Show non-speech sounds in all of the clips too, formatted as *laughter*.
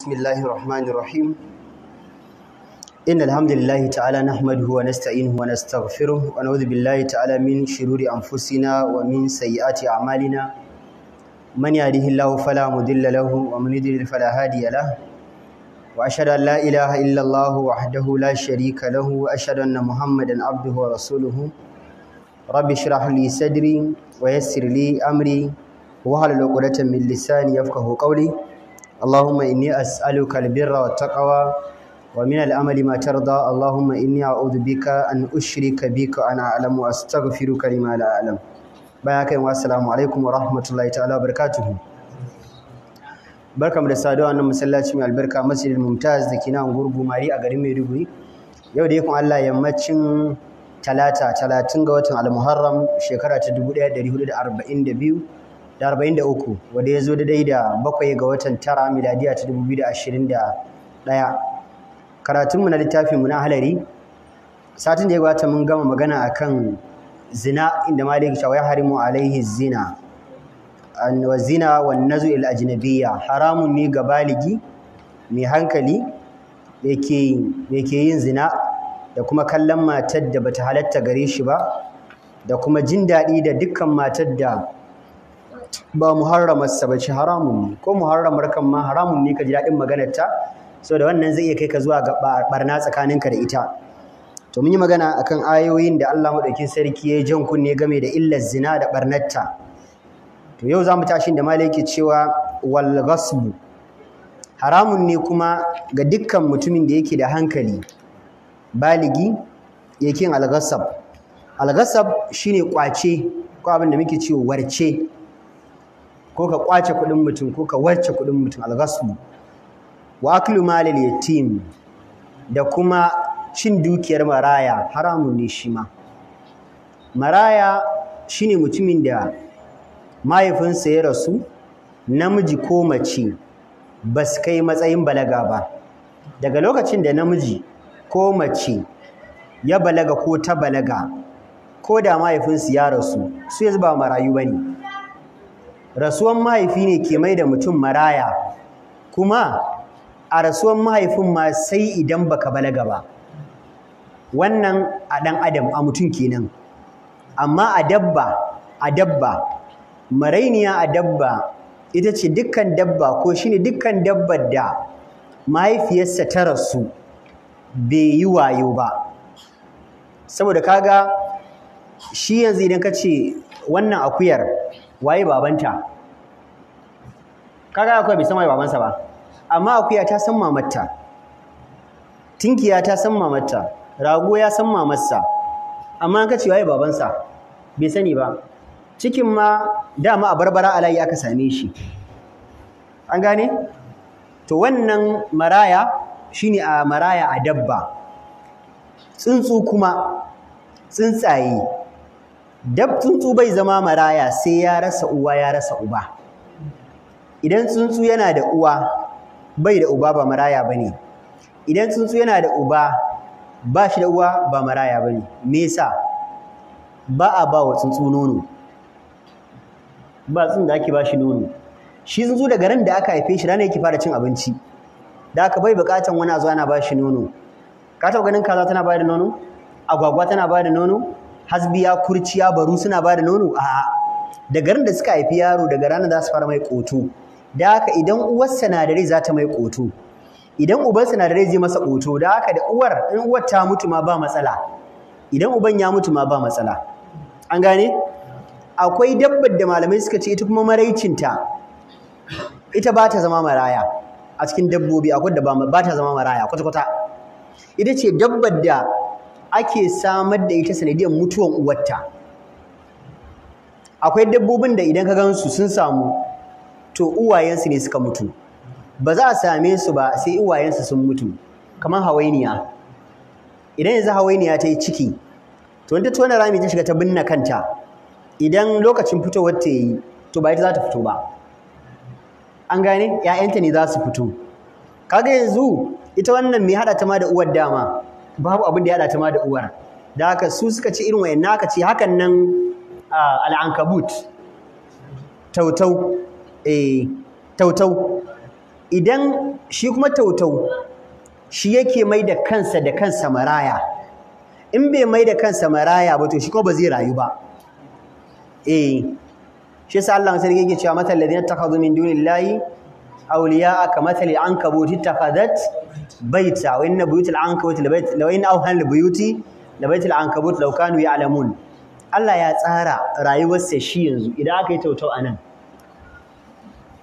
بسم الله الرحمن الرحيم إن الحمد لله تعالى نحمده ونستعينه ونستغفره ونعوذ بالله تعالى من شرور أنفسنا ومن سيئات أعمالنا من يهده الله فلا مضل له ومن يضلل فلا هادي له وأشهد أن لا إله إلا الله وحده لا شريك له وأشهد أن محمدا عبده ورسوله رب اشرح لي صدري ويسر لي أمري وهل عقدة من لساني يفقه قولي اللهم إني أسألك البر والتقوى ومن الأمل ما ترضى اللهم إني أعوذ بك أن أشرك بك أنا أعلم وأستغفرك لما لا أعلم بياك والسلام عليكم ورحمة الله تعالى وبركاته barkamu da saduwa nan masallaci mai albarka masjidil mumtaz da kina gurgu mari a garin maiduguri yau da yakun allah yammacin talata talatin ga watan almuharram shekara ta dubu ɗaya da da arba'in biyu da arba'in da uku ya zo da dai-dai da bakwai ga watan tara miladiya ta dubu biyu ɗaya karatunmu na littafin mu na halari satin da ya gabata mun gama magana akan zina inda malik shawai harimu alaihi zina wa zina wa nazu il ajnabiyya haramun ne ga baligi mai hankali da ke yin zina da kuma kallon matar da bata halatta gare shi ba da kuma jin daɗi da dukkan matar da ba muharramar sa bace haramun ne ko muharramar kan ma haramun ne ka ji daɗin maganar ta saboda wannan zai iya kai ka zuwa ga barna tsakaninka da ita to mun yi magana akan ayoyin da Allah madaukin sarki ya jan kunne game da illar zina da barnarta to yau zamu tashi da malaki cewa wal ghasb haramun ne kuma ga dukkan mutumin da yake da hankali baligi yake Algasab ghasab shine kwace ko abin da muke cewa warce ko ka kwace kuɗin mutum ko ka wacce kuɗin mutum algasu wa aklu malil yatim da kuma cin dukiyar maraya haramun ne shi ma maraya shine mutumin da mahaifinsa ya rasu namiji ko mace ba su kai matsayin balaga ba daga lokacin da namiji ko mace ya balaga ko ta balaga ko da mahaifinsu ya rasu su yanzu ba marayu ba ne rasuwan mahaifi ne ke mai da mutum maraya kuma a rasuwan mahaifin ma sai idan baka balaga ba wannan a ɗan adam a mutum kenan amma a dabba a dabba marainiya a dabba ita ce dukkan dabba ko shine dukkan dabbar da mahaifiyarsa ta rasu bai yi wayo ba saboda kaga shi yanzu idan ka ce wannan akuyar waye babanta kaga akwai bai san waye babansa ba amma akuya ta san mamarta tinkiya ta san mamarta rago ya san mamarsa amma an kace waye babansa bai sani ba cikin ma dama a barbara alayi aka same shi an gane to wannan maraya shine a maraya a dabba tsuntsu kuma tsuntsaye dab tsuntsu bai zama maraya sai ya rasa uwa ya rasa uba idan tsuntsu yana da uwa bai da uba ba maraya bane idan tsuntsu yana da uba ba shi da uwa ba maraya bane me yasa ba a ba wa tsuntsu nono ba tsuntsu da ake ba shi nono shi tsuntsu daga ran da aka haife shi ranar yake fara cin abinci da aka bai bukatan wani a ana ba shi nono ka taɓa ganin kaza tana ba da nono agwagwa tana ba da nono hasbiya kurciya baru suna ba da nono a'a da garin da suka haifi yaro daga rana za su fara mai ƙoto da haka idan uwar sinadarai za ta mai ƙoto idan uban sinadarai zai masa ƙoto da haka da uwar in uwar ta mutu ma ba matsala idan uban ya mutu ma ba matsala an gane akwai dabbar da malamai suka ce ita kuma maraicinta ita ba ta zama maraya a cikin dabbobi akwai da ba ta zama maraya kwata-kwata ita ce dabbar da ake samar da ita sanadiyar mutuwan uwarta akwai dabbobin da idan ka gansu sun samu to uwayensu ne suka mutu ba za a same su ba sai uwayensu sun mutu kamar hawainiya idan yanzu hawainiya ta yi ciki to wanda na rami ta shiga ta binne kanta idan lokacin fitowar ta yi to ba ita za ta fito ba an gane 'ya'yanta ne za su fito kaga yanzu ita wannan mai haɗa ta ma da uwar dama babu abin da ya dace ma da uwar da haka su suka ci irin wayanna aka ci hakan nan al'ankabut tautau eh, tautau idan shi kuma tautau shi yake mai da kansa da kansa maraya in bai mai da kansa maraya ba to shi ko ba zai rayu ba eh shi yasa Allah sai yake cewa matal ladina takhadhu min dunillahi awliya'a kamathali ankabut takhadhat baita wa inna buyutul ankabut law inna awhan libuyuti labaitul ankabut law kanu ya'lamun Allah ya tsara rayuwarsa shi yanzu idan aka yi tautau anan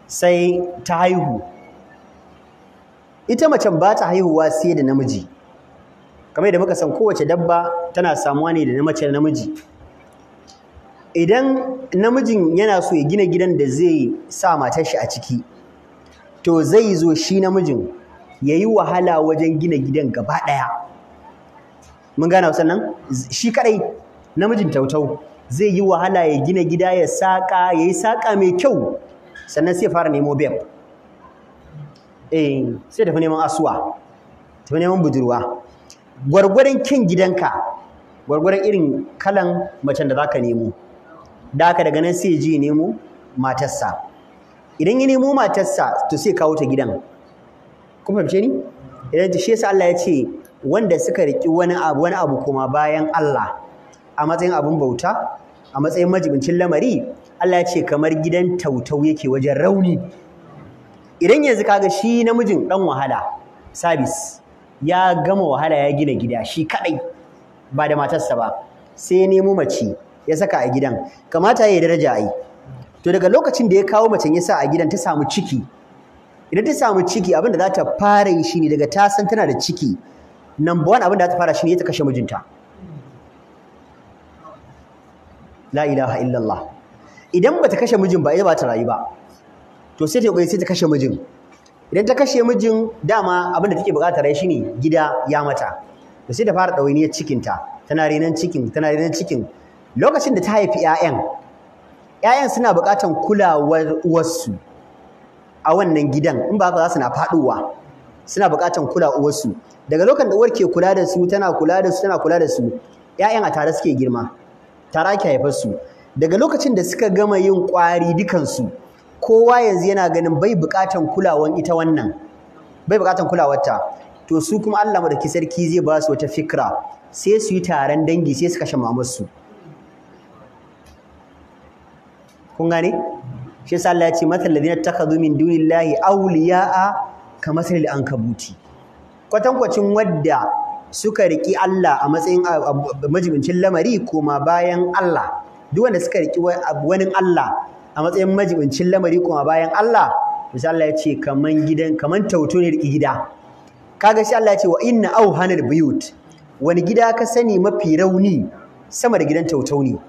sai ta haihu ita macen ba ta haihuwa sai da namiji kamar da muka san kowace dabba tana samuwa ne da mace namiji idan namijin yana so ya gina gidan da zai sa matar shi a ciki to zai zo shi namijin ya yi wahala wajen gina gidan gaba ɗaya mun gane sannan shi kaɗai namijin tautau zai yi wahala ya gina gida ya saƙa ya yi saƙa mai kyau sannan sai fara nemo bem. Eh, sai tafi neman asuwa tafi neman budurwa gwargwaron kin gidanka gwargwaron irin kalan macen da za ka nemo da aka daga nan sai ji nemo matarsa idan ya nemo matarsa to sai kawo ta gidan kun fahimce ni idan eh, shi yasa Allah ya ce wanda suka riki wani abu wani abu kuma bayan Allah a matsayin abun bauta a matsayin majibincin lamari Allah ya ce kamar gidan tautau yake wajen rauni idan yanzu kaga shi namijin dan wahala sabis ya gama wahala ya gina gida shi kadai ba da matarsa ba sai nemo mace ya saka a gidan kamata ya yi daraja a yi to daga lokacin da ya kawo macen ya sa a gidan ta samu ciki idan ta samu ciki abin da za ta fara yi ne daga ta san tana da ciki number one abin da za ta fara shi ne ya ta kashe mijinta la ilaha illallah idan ba ta kashe mijin ba ita ba ta rayu ba to sai ta yi sai ta kashe mijin idan ta kashe mijin dama abin da take bukata rai shi ne gida ya mata to sai ta fara ɗawainiyar cikinta tana renan cikin tana renan cikin lokacin da ta haifi 'ya'yan 'ya'yan suna bukatan kulawar uwarsu a wannan gidan in ba ba za su na faduwa suna buƙatan kula uwarsu daga lokacin da uwar ke kula da su tana kula da su tana kula da su ƴaƴan a tare suke girma tara ke haifar su daga lokacin da suka gama yin ƙwari su, kowa yanzu yana ganin bai buƙatan kulawan ita wannan bai buƙatan kulawarta to su kuma Allah da sarki zai ba su wata fikra sai su yi taron dangi sai su kashe mamarsu kun gane shi yasa Allah ya ce matal ladina takhadhu min dunillahi awliya'a ka matal ankabuti kwatankwacin wadda suka riki Allah a matsayin majibincin lamari koma bayan Allah duk wanda suka riki wani Allah a matsayin majibincin lamari koma bayan Allah to Allah ya ce kaman gidan kaman tauto ne riki gida kaga shi Allah ya ce wa inna awhanal buyut wani gida ka sani mafi rauni sama da gidan tautau ne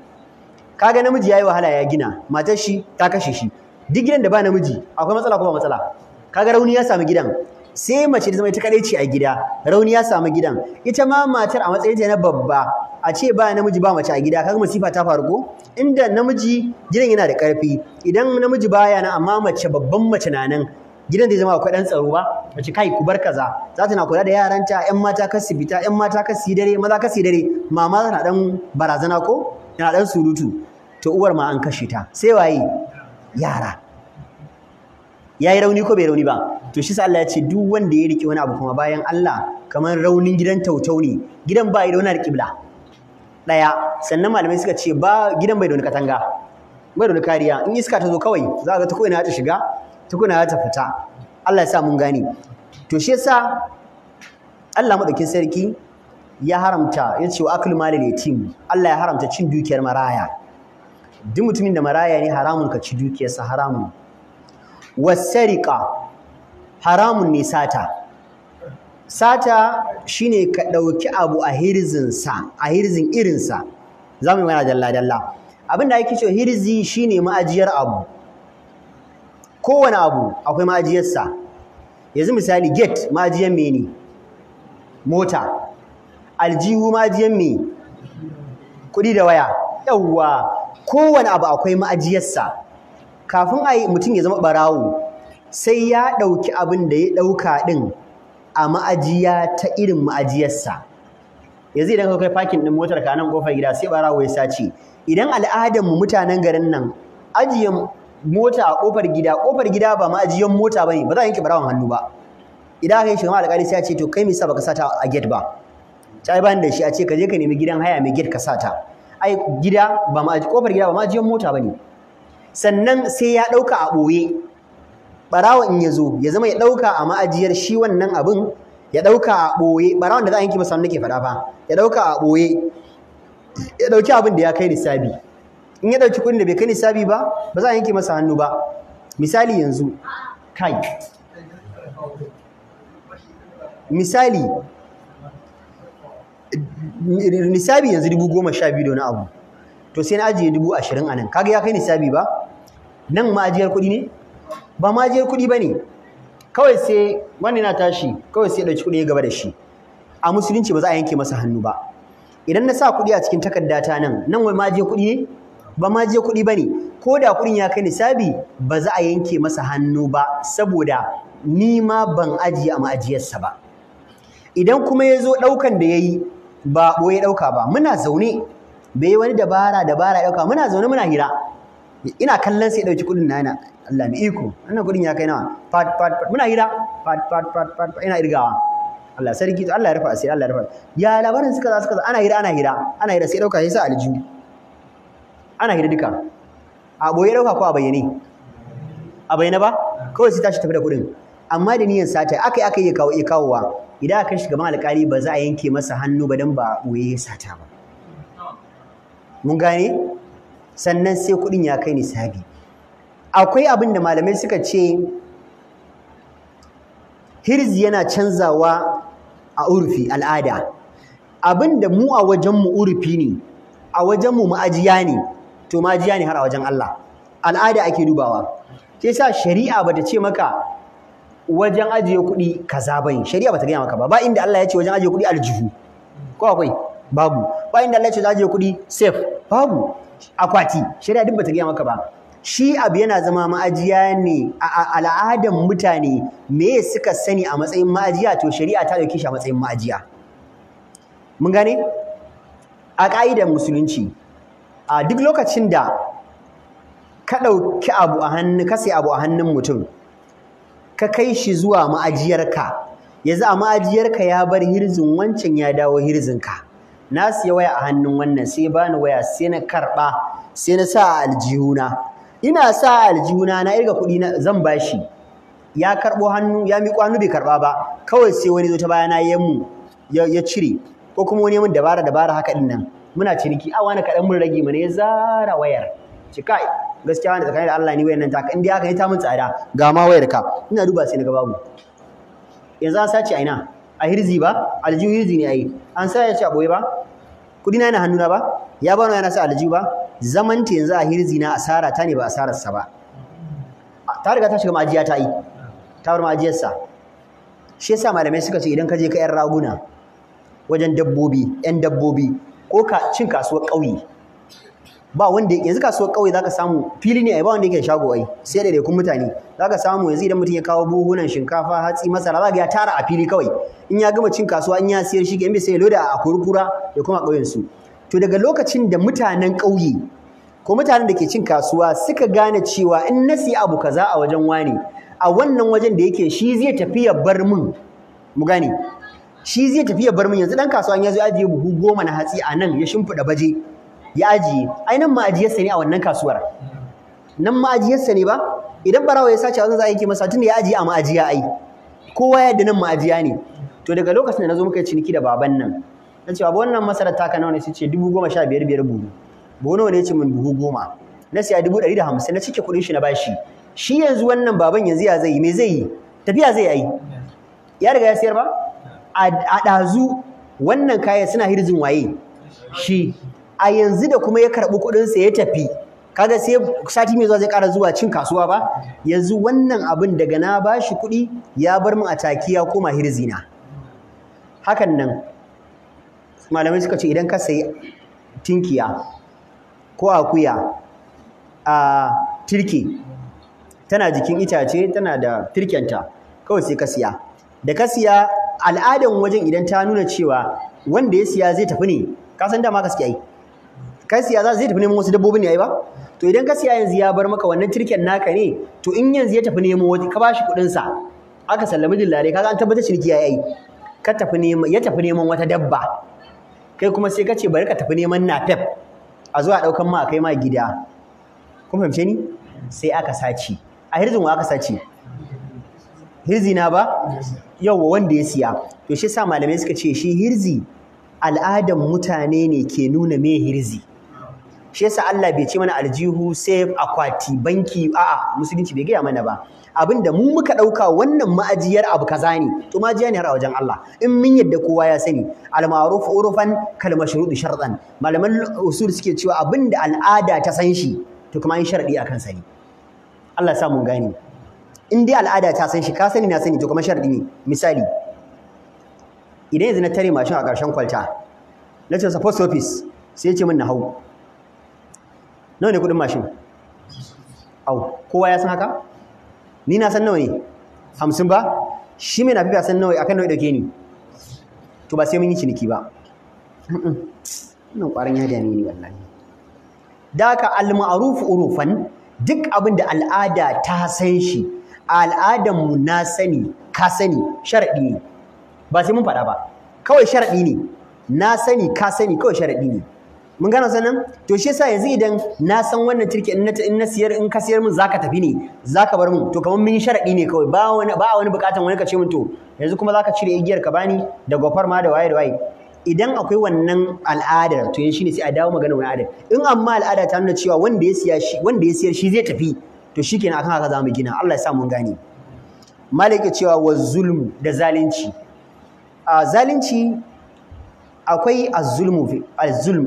kaga namiji yayi wahala ya gina matar shi ta kashe shi duk gidan da ba namiji akwai matsala ko ba matsala kaga rauni ya samu gidan sai mace zama ita kadai ce a gida rauni ya samu gidan ita ma matar a matsayin ta na babba a ce ba namiji ba mace a gida kaga masifa ta faru ko inda namiji gidan yana da karfi idan namiji baya nan amma mace babban mace na nan gidan zai zama akwai dan tsaro ba mace kai ku bar kaza za ta na kula da yaranta yan mata kasu bita yan mata kasu dare maza kasu dare mama na dan barazana ko na dan surutu to uwar ma an kashe ta sai waye yara yayi rauni ko bai rauni ba to shi sa Allah ya ce duk wanda ya rike wani abu kuma bayan Allah kamar raunin gidan tautau ne gidan ba da wani daya sannan malamai suka ce ba gidan bai da wani katanga bai da kariya in iska ta zo kawai za ka ta koina ta shiga ta ya ta fita Allah ya sa mun gane to shi yasa Allah madaukin sarki ya haramta ya ce wa aklu malil yatim Allah ya haramta cin dukiyar maraya duk mutumin da maraya ne haramun ka ci dukiyarsa haramun wasariqa haramun ne sata sata shine ka ɗauki abu a hirzinsa a hirzin irinsa za mu yi mana dalla-dalla abin da ake cewa hirzi shine ma'ajiyar abu kowane abu akwai ma'ajiyarsa yanzu misali gate ma'ajiyar me ne? mota aljihu ma jiyan me kuɗi da waya yawwa kowane abu akwai ma'ajiyarsa kafin a mutum ya zama barawo sai ya ɗauki abin da ya ɗauka ɗin a ma'ajiya ta irin ma'ajiyarsa yanzu idan ka kai fakin ɗin motar ka nan ƙofar gida sai barawo ya sace idan al'adarmu mutanen garin nan ajiyar mota a ƙofar gida ƙofar gida ba ma'ajiyan mota ba ne ba za a yanke barawon hannu ba idan aka yi shugaba alƙali sai ya ce to kai me sa baka sata a gate ba ai bani da shi a ce ka je ka nemi gidan haya mai gate ka sata ai gida ba ma kofar gida ba ma jiyan mota bane sannan sai ya dauka a boye barawa in ya zo ya zama ya dauka a ma'ajiyar shi wannan abin ya dauka a boye Barawon da za a yanki masa nake faɗa fa ya dauka a boye ya dauki abin da ya kai nisabi in ya dauki kuɗin da bai kai nisabi ba ba za a yanke masa hannu ba misali yanzu kai misali nisabi yanzu dubu goma sha biyu da wani abu to sai na ajiye dubu ashirin a nan kaga ya kai nisabi ba nan ma'ajiyar kuɗi ne ba ma'ajiyar kuɗi ba ne kawai sai wani na tashi kawai sai ɗauki kuɗi ya gaba da shi a musulunci ba za a yanke masa hannu ba idan na sa kuɗi a cikin takardata nan nan wai ma'ajiyar kuɗi ne ba ma'ajiyar kuɗi ba ne ko da kuɗin ya kai nisabi ba za a yanke masa hannu ba saboda ni ma ban ajiye a ma'ajiyarsa ba idan kuma ya zo ɗaukan da ya yi ba ɓoye ɗauka ba muna zaune bai wani dabara dabara ɗauka muna zaune muna hira ina kallon sai ɗauki kuɗin nana Allah mai iko wannan kuɗin ya kai nawa fat fat fat muna hira fat fat fat fat ina irgawa Allah sarki to Allah ya rufa asiri Allah ya rufa ya labarin suka za suka za ana hira ana hira ana hira sai ɗauka sai sa aljihu ana hira duka a ɓoye ɗauka ko a bayyane a bayyane ba kawai sai tashi tafi da kuɗin amma da niyyar sata aka yi aka yi kawo kawowa idan aka shiga gaban alƙali ba za a yanke masa hannu ba dan ba waye ya sata ba mun gane sannan sai kuɗin ya kai nisabi akwai abin da malamai suka ce hirzi yana canzawa a urfi al'ada abin da mu a wajenmu urfi ne a wajenmu ma'ajiya ne to ma'ajiya ne har a wajen Allah al'ada ake dubawa ke sa shari'a bata ce maka wajen ajiye kuɗi kaza bai shari'a ba ta gaya maka ba ba inda Allah ya ce wajen ajiye kuɗi aljihu ko akwai babu ba inda Allah ya ce wajen ajiye kuɗi safe babu akwati shari'a duk ba ta gaya maka ba shi abu yana zama ma'ajiya ne a al'adan mutane me suka sani a matsayin ma'ajiya to shari'a ta ɗauki shi a matsayin ma'ajiya mun gane a ka'idar musulunci a duk lokacin da ka ɗauki abu a hannu ka sai abu a hannun mutum ka kai shi zuwa ma'ajiyarka yanzu a ma'ajiyarka ya bar hirzin wancan ya dawo hirzinka na siya waya a hannun wannan sai bani waya sai na karɓa sai na sa a aljihuna ina sa a aljihuna na irga kuɗi na zan shi. ya karɓo hannu ya miƙo hannu bai karɓa ba kawai sai wani zo ta bayana ya ya cire ko kuma wani mun dabara dabara haka ɗin nan muna ciniki a wani kaɗan mun rage mana ya zara wayar cikai gaskiya wani tsakanin da Allah ni wayan nan taka in dai haka ta mun tsada ga ma wayar ka ina duba sai na ga babu yanzu an sace aina a hirzi ba aljihu hirzi ne ai an sa ya ce a ba kudi na yana hannuna ba ya bano yana sa aljihu ba zaman ta yanzu a hirzi na asara ta ne ba asarar sa ba ta riga ta shiga ma'ajiya ta yi ta bar ma'ajiyar sa shi yasa malamai suka ce idan ka je ka yan raguna wajen dabbobi yan dabbobi ko ka cin kasuwar ƙauye ba wanda yanzu kasuwar kauye zaka samu fili ne ai ba wanda yake shago ai sai da kun mutane zaka samu yanzu idan mutum ya kawo buhunan shinkafa hatsi masara zaka ya tara a fili kawai in ya gama cin kasuwa in ya siyar shi in bai sai loda a kurkura ya kuma kauyen su to daga lokacin da mutanen kauye ko mutanen da ke cin kasuwa suka gane cewa in na siya abu kaza a wajen wani a wannan wajen da yake shi zai tafi ya bar min mu gane shi zai tafi ya bar min yanzu dan kasuwa ya zo ajiye buhu goma na hatsi a nan ya shimfida baje ya ajiye ai nan ma'ajiyarsa ne a wannan kasuwar nan ma'ajiyarsa ne ba idan barawa ya sace wannan za a yi masa tunda ya ajiye a ma'ajiya ai kowa ya da nan ma'ajiya ne to daga lokacin da na zo muka ciniki da baban nan na ce babu wannan masarar taka nawa ne sai ce dubu goma sha biyar biyar buhu buhu nawa ne ce min buhu goma na siya dubu ɗari da hamsin na cike kuɗin shi na bashi shi yanzu wannan baban yanzu ya zai yi me zai yi tafiya zai yi ya riga ya siyar ba a ɗazu wannan kaya suna hirzin waye shi a yanzu da kuma ya karɓi kuɗinsa ya tafi kaga sai sati mai zuwa zai ƙara zuwa cin kasuwa ba yanzu wannan abin daga na bashi kuɗi ya bar min a taki ya koma hirzina hakan nan malamai suka ce idan ka sayi tinkiya ko akuya a turki tana jikin itace tana da turkenta kawai sai ka siya da ka siya al'adan wajen idan ta nuna cewa wanda ya siya zai tafi ne ka san dama gaskiya yi ka siya za zai tafi neman wasu dabbobin ne ai ba to idan ka siya yanzu ya bar maka wannan tirken naka ne to in yanzu ya tafi nemo wata ka bashi kuɗin sa aka sallami dillare kaga an tabbata ciniki yayi ka tafi neman ya tafi neman wata dabba kai kuma sai ka ce bari ka tafi neman napep a zuwa daukan ma kai ma gida kun fahimce ni sai aka sace a hirzin wa aka sace hirzi na ba yau wanda ya siya to shi sa malamai suka ce shi hirzi al'adan mutane ne ke nuna me hirzi shi yasa Allah bai ce mana aljihu sai akwati banki a'a musulunci bai gaya mana ba abinda mu muka ɗauka wannan ma'ajiyar abu kaza ne to ma'ajiya ne har a wajen Allah in mun yadda kowa ya sani al ma'ruf urufan kal mashrudu shartan malaman usul suke cewa abinda al'ada ta san shi to kuma yin sharadi akan sani Allah ya sa mun gane in dai al'ada ta san shi ka sani na sani to kuma sharadi ne misali idan yanzu na tare mashin a ƙarshen kwalta na ce suppose office sai ya ce mun na hau nawa ne kudin mashin au kowa ya san haka ni na san nawa ne hamsin ba shi mai nafi san nawa akan nawa dauke ni to ba sai mun yi ciniki ba wannan kwarin ya dame ni wallahi da ka al-ma'ruf urufan duk abin da al'ada ta san shi al'adanmu na sani ka sani sharaɗi ne ba sai mun faɗa ba kawai sharaɗi ne na sani ka sani kawai sharaɗi ne mun gano sanan to shi yasa yanzu idan na san wannan tirki in na siyar in ka siyar mun zaka tafi ne zaka bar mun to kamar mun yi sharadi ne kawai ba wani ba wani bukatan wani ka ce mun to yanzu kuma zaka cire igiyar ka bani da gofar ma da waye da waye idan akwai wannan al'adar to yanzu shine sai a dawo magana wani al'adar in amma al'ada ta nuna cewa wanda ya siya shi wanda ya siyar shi zai tafi to shikenan akan haka za mu gina Allah ya sa mun gane malik cewa wa zulmu da zalunci a zalunci akwai azulmu zulmu az-zulm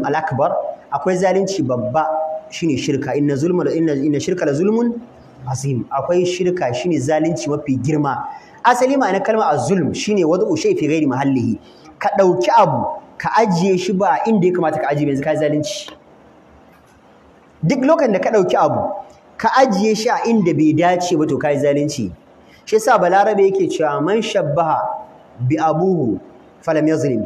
akwai zalunci babba shine shirka inna zulma inna shirka la zulmun azim akwai shirka shine zalunci mafi girma asali ma'ana kalmar azulm shine wad'u ushay fi ghairi mahallihi ka dauki abu ka ajiye shi ba inda ya kamata ka ajiye yanzu ka zalunci duk lokacin da ka dauki abu ka ajiye shi a inda bai dace ba to kai zalunci shi yasa balarabe yake cewa man shabbaha bi abuhu falam yazlim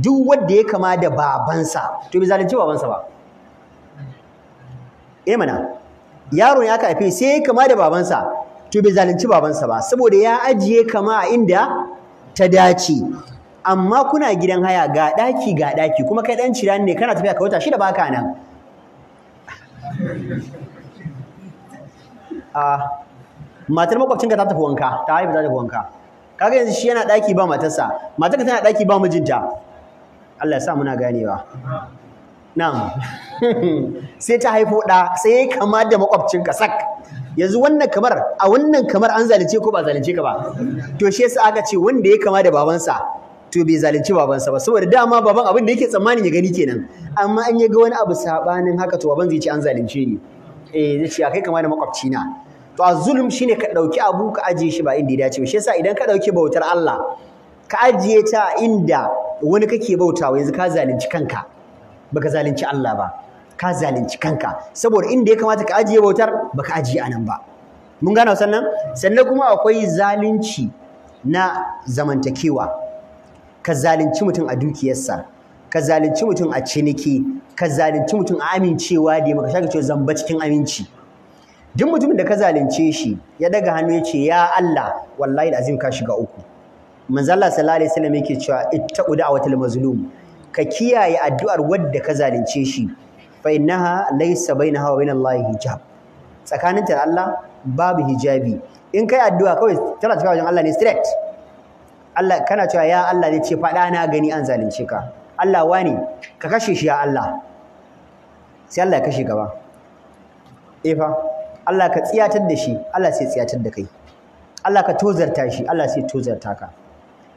duk wanda ya kama da babansa to bai zalunci babansa ba eh mana yaro ya aka haife sai ya kama da babansa to bai zalunci babansa ba saboda ya ajiye kama a inda ta dace amma kuna gidan haya ga daki ga daki kuma kai dan cira ne kana tafiya ka wata shida baka nan *laughs* a matar makwabcinka ta tafi wanka ta haifa ta tafi wanka kaga yanzu shi yana daki ba matarsa matarka tana daki ba mijinta Allah ya sa muna ganewa na'am *laughs* sai ta haifo ɗa sai ya kama da makwabcinka sak yanzu wannan kamar a wannan kamar an zalunce ko ba zalunce ka ba to shi yasa aka ce wanda ya kama da babansa to bai zalunci babansa ba saboda dama baban abin da yake tsammanin ya gani kenan amma an ya ga wani abu sabanin haka to baban zai ce an zalunce ni eh zai ce kai kama da na. to a zulum shine ka dauki abu ka ajiye shi ba inda ya dace ba shi yasa idan ka dauki bautar Allah ka ajiye ta inda wani kake bautawa yanzu ka zalunci kanka baka zalunci Allah ba ka zalunci kanka saboda inda ya kamata ka ajiye bautar baka ajiye anan ba mun gano sannan sannan kuma akwai zalunci na zamantakewa ka zalunci mutum a dukiyarsa ka zalunci mutum a ciniki ka zalunci mutum a amincewa da maka shaka cewa zamba cikin aminci duk mutumin da ka zalunce shi ya daga hannu ya ce ya Allah wallahi da azim ka shiga uku manzala sallallahu alaihi wasallam yake cewa ittaqu da'watal mazlum ka kiyaye addu'ar wadda ka zalunce shi fa innaha laysa bainaha wa bainallahi hijab tsakaninta da Allah babu hijabi in kai addu'a kawai tana tafiya wajen Allah ne straight Allah kana cewa ya Allah ne ce faɗa na gani an zalunce ka Allah wani ka kashe shi ya Allah sai Allah ya kashe gaba eh fa Allah ka tsiyatar da shi Allah sai tsiyatar da kai Allah ka tozarta shi Allah sai tozarta ka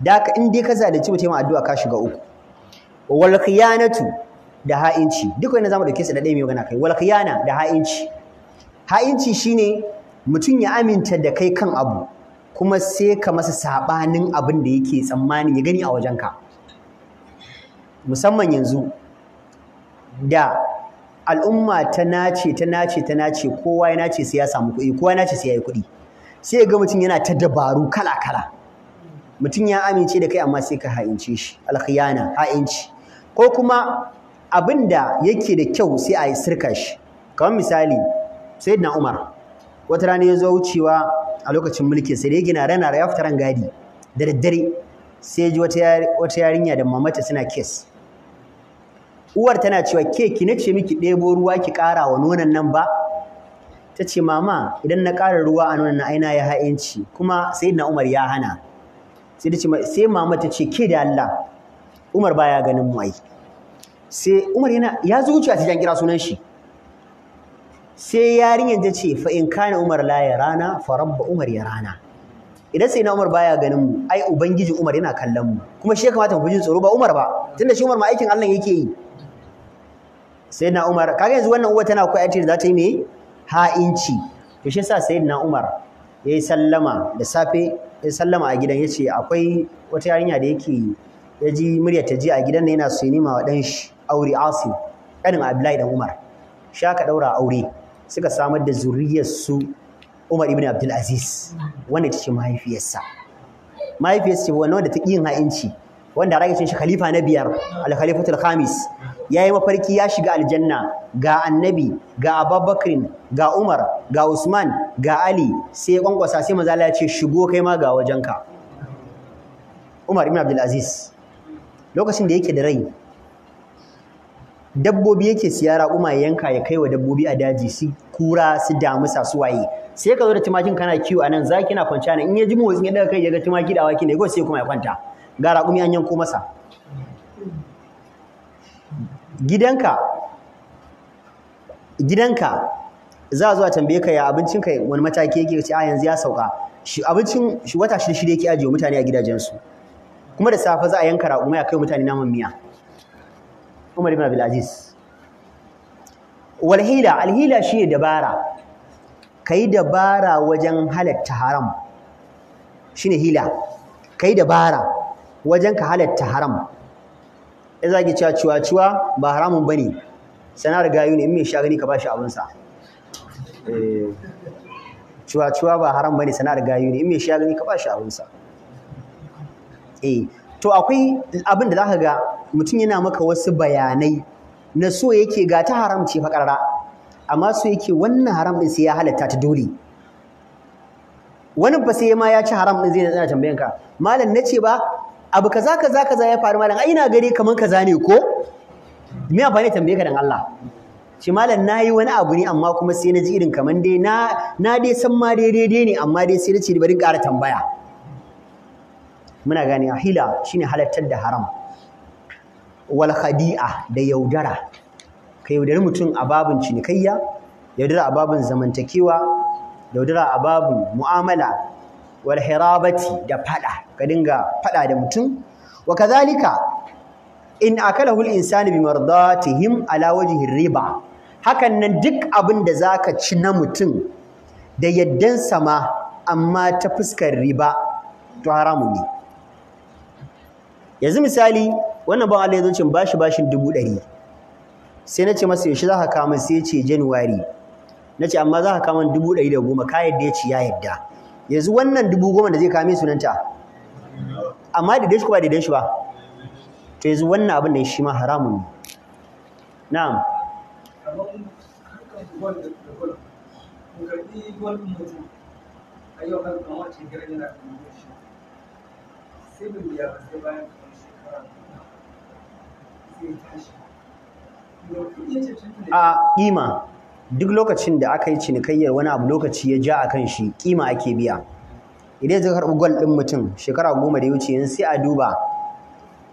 Daka haka dai ka zalunci mutum addu'a ka shiga uku wal khiyanatu da ha'inci duk wanda zamu dauke su da ɗaya mai magana kai wal da ha'inci ha'inci shine mutum ya aminta da kai kan abu kuma sai ka masa sabanin abin da yake tsammani ya gani a wajen ka. musamman yanzu da al'umma ta nace ta nace ta nace kowa ya nace sai ya samu kuɗi kowa ya nace sai ya yi kuɗi sai ya ga mutum yana ta dabaru kala kala mutum ya amince da kai amma sai ka ha'ince shi alkhiyana ha'inci ko kuma abin da yake da kyau sai a sirka shi kamar misali sayyidina umar wata rana ya zo wucewa a lokacin mulkin sai dai gina rana ya fita gadi da daddare sai ji wata yarinya da mamata suna kes uwar tana cewa ke ki nace miki ɗebo ruwa ki ƙara wa nonon nan ba ta ce mama idan na ƙara ruwa a nonon na aina ya ha'inci kuma sayyidina umar ya hana sai ce sai mama ta ce ke da Allah Umar baya ganin mu ai sai Umar yana ya zuciya ta jan kira sunan shi sai yarinyar ta ce fa in kana Umar la ya rana fa rabba Umar ya rana idan sai na Umar baya ganin mu ai ubangiji Umar yana kallon mu kuma shi ya kamata mu jin tsoro ba Umar ba tunda shi Umar ma aikin Allah yake yi sai na Umar kaga yanzu wannan uwa tana koyar da za ta yi me ha'inci to shi yasa sayyidina Umar yayi sallama da safe ya sallama a gidan ya ce akwai wata yarinya da yake ya ji murya ta ji a gidan na yana su ya nima wa ɗan shi aure asim ƙanin abdullahi dan umar shi aka ɗaura aure suka samar da zuriyar su umar ibn abdul aziz wanda ita ce mahaifiyarsa mahaifiyarsa ce wannan wanda ta ƙi yin ha'inci wanda ragacin shi khalifa na biyar al khamis ya yi mafarki ya shiga aljanna ga annabi ga abubakar ga umar ga usman ga ali sai ya kwankwasa sai maza ya ce shigo kai ma ga wajenka umar ibn abdulaziz lokacin da yake da rai dabbobi yake siya raƙuma ya yanka ya kai wa dabbobi a daji su kura su damusa su waye sai ka zo da tumakin kana kiwo nan zaki na kwanciya nan in ya ji motsin ya daga kai ya ga tumaki da awaki ne ko sai kuma ya kwanta ga raƙumi an yanko masa gidanka gidanka za a zo a tambaye ka ya abincin ka wani mataki yake ce a yanzu ya sauka shi abincin shi wata shi shida yake ajiye mutane a gidajensu kuma da safe za a yanka raƙuma ya kai mutane naman miya Umar ibn Abdul Aziz wal hila al hila shi dabara kai dabara wajen halatta haram shine hila kai dabara wajen ka halatta haram Iza zage cewa ciwa-ciwa ba haramun ba ne sanar gayu ne in mai sha gani ka ba shi abinsa eh, cuwa-cuwa ba haram ba ne sanar gayu ne in mai sha gani ka ba shi abinsa eh, to akwai abin da za ka ga mutum yana maka wasu bayanai na so yake ga ta haram ce fakarara amma so yake wannan haram din sai ya halatta ta dole wani ba sai ma ya ci haram din zai na tambayan ka malam nace ba abu kaza kaza kaza ya faru malam ai ina gari kaman kaza ne ko me amfani tambaye ka dan Allah shi malam nayi wani abu ne amma kuma sai na ji irin kaman dai na na dai san ma dai dai ne amma dai sai na ce bari ƙara tambaya muna gani hila shine halattar da haram wal khadi'a da yaudara ka yaudari mutum a babin cinikayya yaudara a babin zamantakewa yaudara a babin mu'amala walhirabati da fada ka dinga fada da mutum wa kazalika in akalahu al insani bi mardatihim ala wajhi riba hakan nan duk abin da zaka ci na mutum da yaddan sama amma ta fuskar riba to haramu ne yanzu misali wannan ban Allah ya zo bashi bashin dubu ɗari sai na ce masa yaushe za ka kama sai ya ce januwari na ce amma za ka kama dubu ɗari da goma ka yadda ya ci ya yadda yanzu wannan dubu goma da zai kame sunanta amma daidan shi ko ba daidan shi ba to yanzu wannan abin da shi ma haramun ne na'am a ima. duk lokacin da aka yi cinikayyar wani abu lokaci ya ja a kan shi kima ake biya idan zai karɓi gwal ɗin mutum shekara goma da ya wuce sai a duba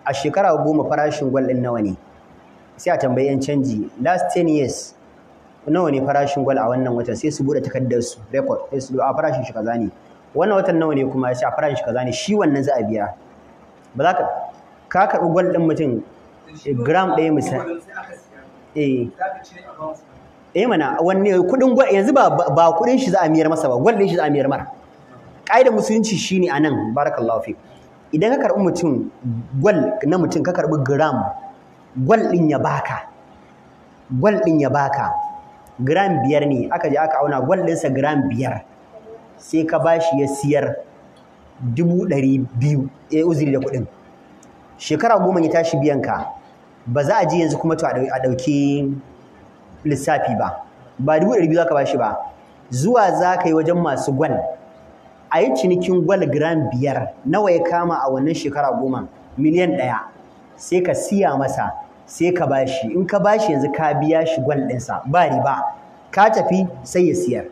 a shekara goma farashin gwal ɗin nawa ne sai a tambayi yan canji last 10 years nawa ne farashin gwal a wannan watan sai su buɗe takardar su record sai su a farashin shi kaza ne wannan watan nawa ne kuma sai a farashin shi kaza ne shi wannan za a biya ba za ka ka karɓi gwal ɗin mutum eh, gram ɗaya misali eh eh mana wanne kuɗin gwal yanzu ba ba kuɗin shi za a miyar masa ba gwal din shi za a miyar mara ƙa'idar musulunci shine anan barakallahu fi idan ka karbi mutum gwal na mutum ka karbi gram gwal din ya baka gwal din ya baka gram biyar ne aka je aka auna gwal sa gram biyar sai ka bashi ya siyar dubu ɗari biyu ya eh, uzuri da kuɗin shekara goma ya tashi biyan ka ba za a ji yanzu kuma to a ɗauke. lissafi ba ba dubu ɗari biyu za ka ba shi ba zuwa za ka yi wajen masu gwal a yi cinikin gwal gram biyar nawa ya kama a wannan shekara goma miliyan ɗaya sai ka siya masa sai ka bashi in ka bashi yanzu ka biya shi gwal ɗinsa ba riba ka tafi sai ya siyar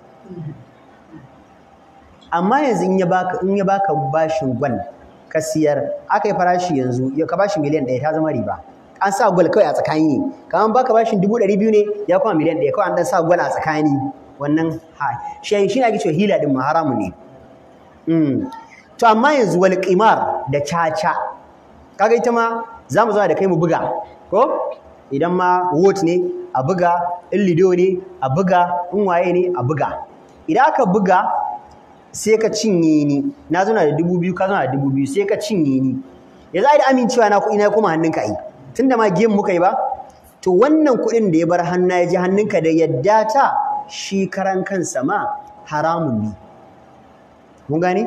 amma yanzu in ya baka in bashin gwal ka siyar aka yi farashi yanzu ya ka bashi miliyan ɗaya ta zama riba an sa gwal kawai a tsakani kamar baka bashin dubu ɗari biyu ne ya kuma miliyan ɗaya kawai an dan sa gwal a tsakani wannan ha shi shi ake cewa hila din haramu ne hmm. to amma yanzu wal qimar da caca kaga ita ma za mu zauna da kai mu buga ko idan ma wot ne a buga in lido ne a buga in waye ne a buga idan aka buga sai ka cinye ni na zauna da dubu biyu ka zauna da dubu biyu sai ka cinye ni ya za a da amincewa na kuɗi na kuma hannunka yi. tunda ma giyan muka yi ba to wannan kuɗin da ya bar hannu ya ji hannunka da yadda ta shi karan kansa ma haramun ne mun gane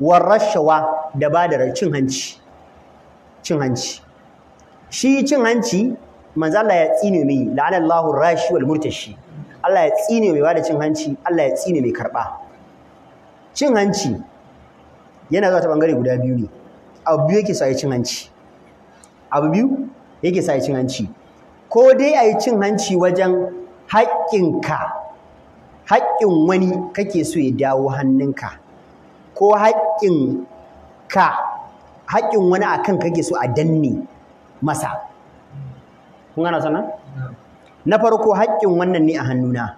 warrashawa da ba da cin hanci cin hanci shi cin hanci manzo Allah ya tsine mai la'ana rashi wal murtashi Allah ya tsine mai bada cin hanci Allah ya tsine mai karba cin hanci yana zuwa ta bangare guda biyu ne abu biyu yake sa cin hanci abu biyu yake sa cin hanci ko dai a yi cin hanci wajen haƙƙinka haƙƙin wani kake so ya dawo hannunka ko haƙƙinka, haƙƙin wani a kan kake so a danne masa kun gana sannan na farko haƙƙin wannan ne a hannuna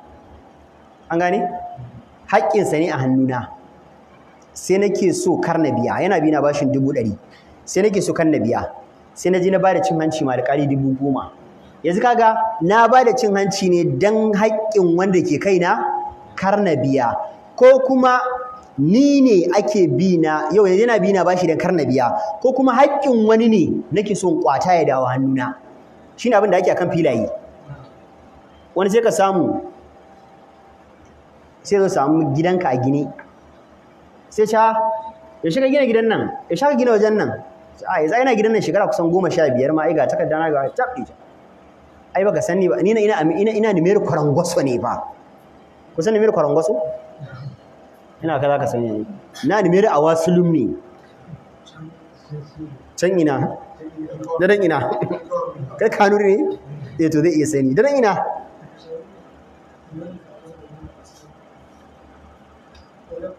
an gane haƙƙinsa ne a hannuna sai nake so kar na biya yana bi na bashin dubu ɗari sai nake so kar na biya sai na je na ba da cin hanci ma alƙali dubu goma yanzu kaga na ba da cin hanci ne don haƙƙin wanda ke kai kar na biya ko kuma ni ne ake bi na yau yanzu yana bi na bashi don kar biya ko kuma haƙƙin wani ne nake son kwata ya dawo hannuna shine abin da ake akan filaye wani sai ka samu sai zo samu gidanka a gini. sai sha ya shiga gina gidan nan ya shiga gina wajen nan a yanzu ina gidan nan shekara kusan goma sha biyar ma ai ga takarda na ga tab ita ai baka sani ba ni ina ina ina numeri kwarangwaso ne ba ku san numeri kwarangwaso ina kaza ka sani ne na numeri a wasulum ne can ina da dan ina kai kanuri ne eh to zai iya sani da dan ina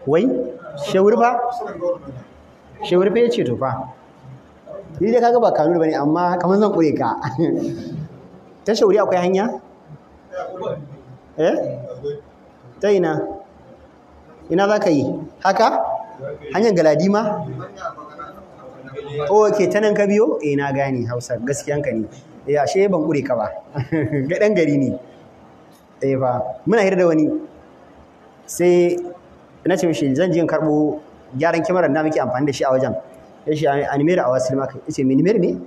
wai shawurfa shawurfa ya ce to fa ni dai kaga ba kanuri bane amma kamar zan kure ka ta shauri akwai hanya eh ta ina ina za ka yi haka hanyar galadima ok ta nan ka biyo eh na gane hausa gaskiyanka ne eh ashe ban kure ka ba *laughs* ga dan gari ne eh fa muna hira da wani sai na ce mishi zan je in karɓo gyaran kyamarar da muke amfani da shi a wajen ya shi animera a wasu maka ya ce minimer ne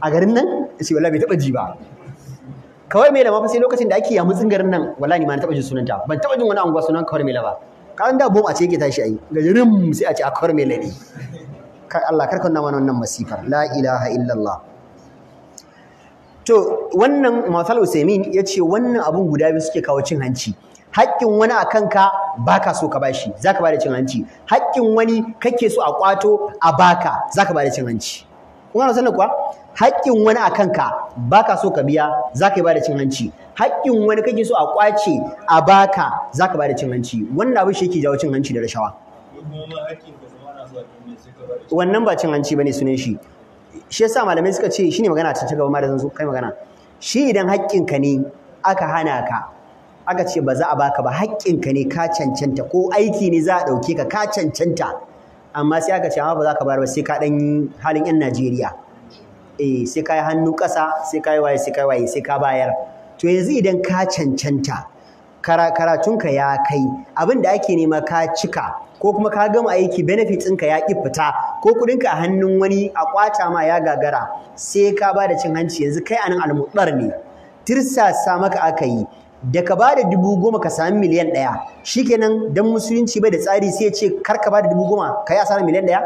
a garin nan ya wallahi bai taɓa ji ba kawai mai lama fa sai lokacin da ake yamutsin garin nan wallahi ni ma na taɓa jin sunanta ban taɓa jin wani anguwa sunan kawar mai lama kan da bom a ce yake tashi ayi gajirin sai a ce a kawar mai lani kai Allah karka wannan mana wannan masifar la ilaha illallah to wannan Mawsal Usaimin ya ce wannan abun guda biyu suke kawo cin hanci haƙƙin wani a kanka ba ka so ka bashi ba bada cin hanci haƙƙin wani kake so a kwato a baka ba bada cin hanci kuma na sanin kuwa haƙƙin wani a kanka ba ka so ka biya ka yi bada cin hanci haƙƙin wani kake so a kwace a baka ba bada cin hanci wannan abin shi yake jawo cin hanci da rashawa wannan ba cin hanci ba ne sunan shi shi yasa malamai suka ce shi ne magana ta gaba ma da zan so kai magana shi idan haƙƙinka ne aka hana ka aka ce ba za a baka ba haƙƙinka ne ka cancanta ko aiki ne za a ɗauke ka ka cancanta amma sai aka ce amma ba za ka bayar ba sai ka ɗan halin 'yan Najeriya eh sai ka yi hannu ƙasa sai ka yi waye sai ka yi waye sai ka bayar to yanzu idan ka cancanta karatunka ya kai abin da ake nema ka cika ko kuma ka gama aiki benefit ɗinka ya ƙi fita ko kuɗinka a hannun wani a ƙwata ma ya gagara sai ka ba da cin hanci yanzu kai anan almuɗar ne tirsasa maka aka yi da ka bada dubu goma ka sami miliyan ɗaya shikenan dan musulunci bai da tsari sai ya ce kar ka bada dubu goma ka yi sami miliyan ɗaya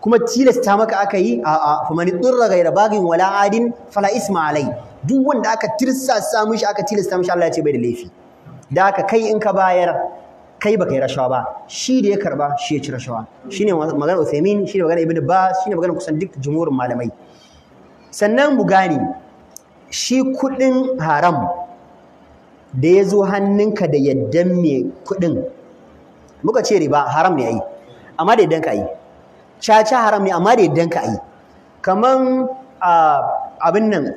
kuma tilasta maka aka yi a'a fa man tsirra gaira bagin wala adin fala isma alai duk wanda aka tirsasa mishi aka tilasta mishi Allah ya ce bai da laifi da aka kai in ka bayar kai baka yi rashawa ba shi da ya karba shi ya ci rashawa shine ne Uthaymeen shine maganar Ibn Abbas shine magana kusan duk jumhurin malamai sannan mu gane shi kudin haram da ya zo hannunka da yaddan mai kuɗin muka ce riba haram ne a yi amma da yaddan ka yi caca haram ne amma da yaddan ka yi kaman abin nan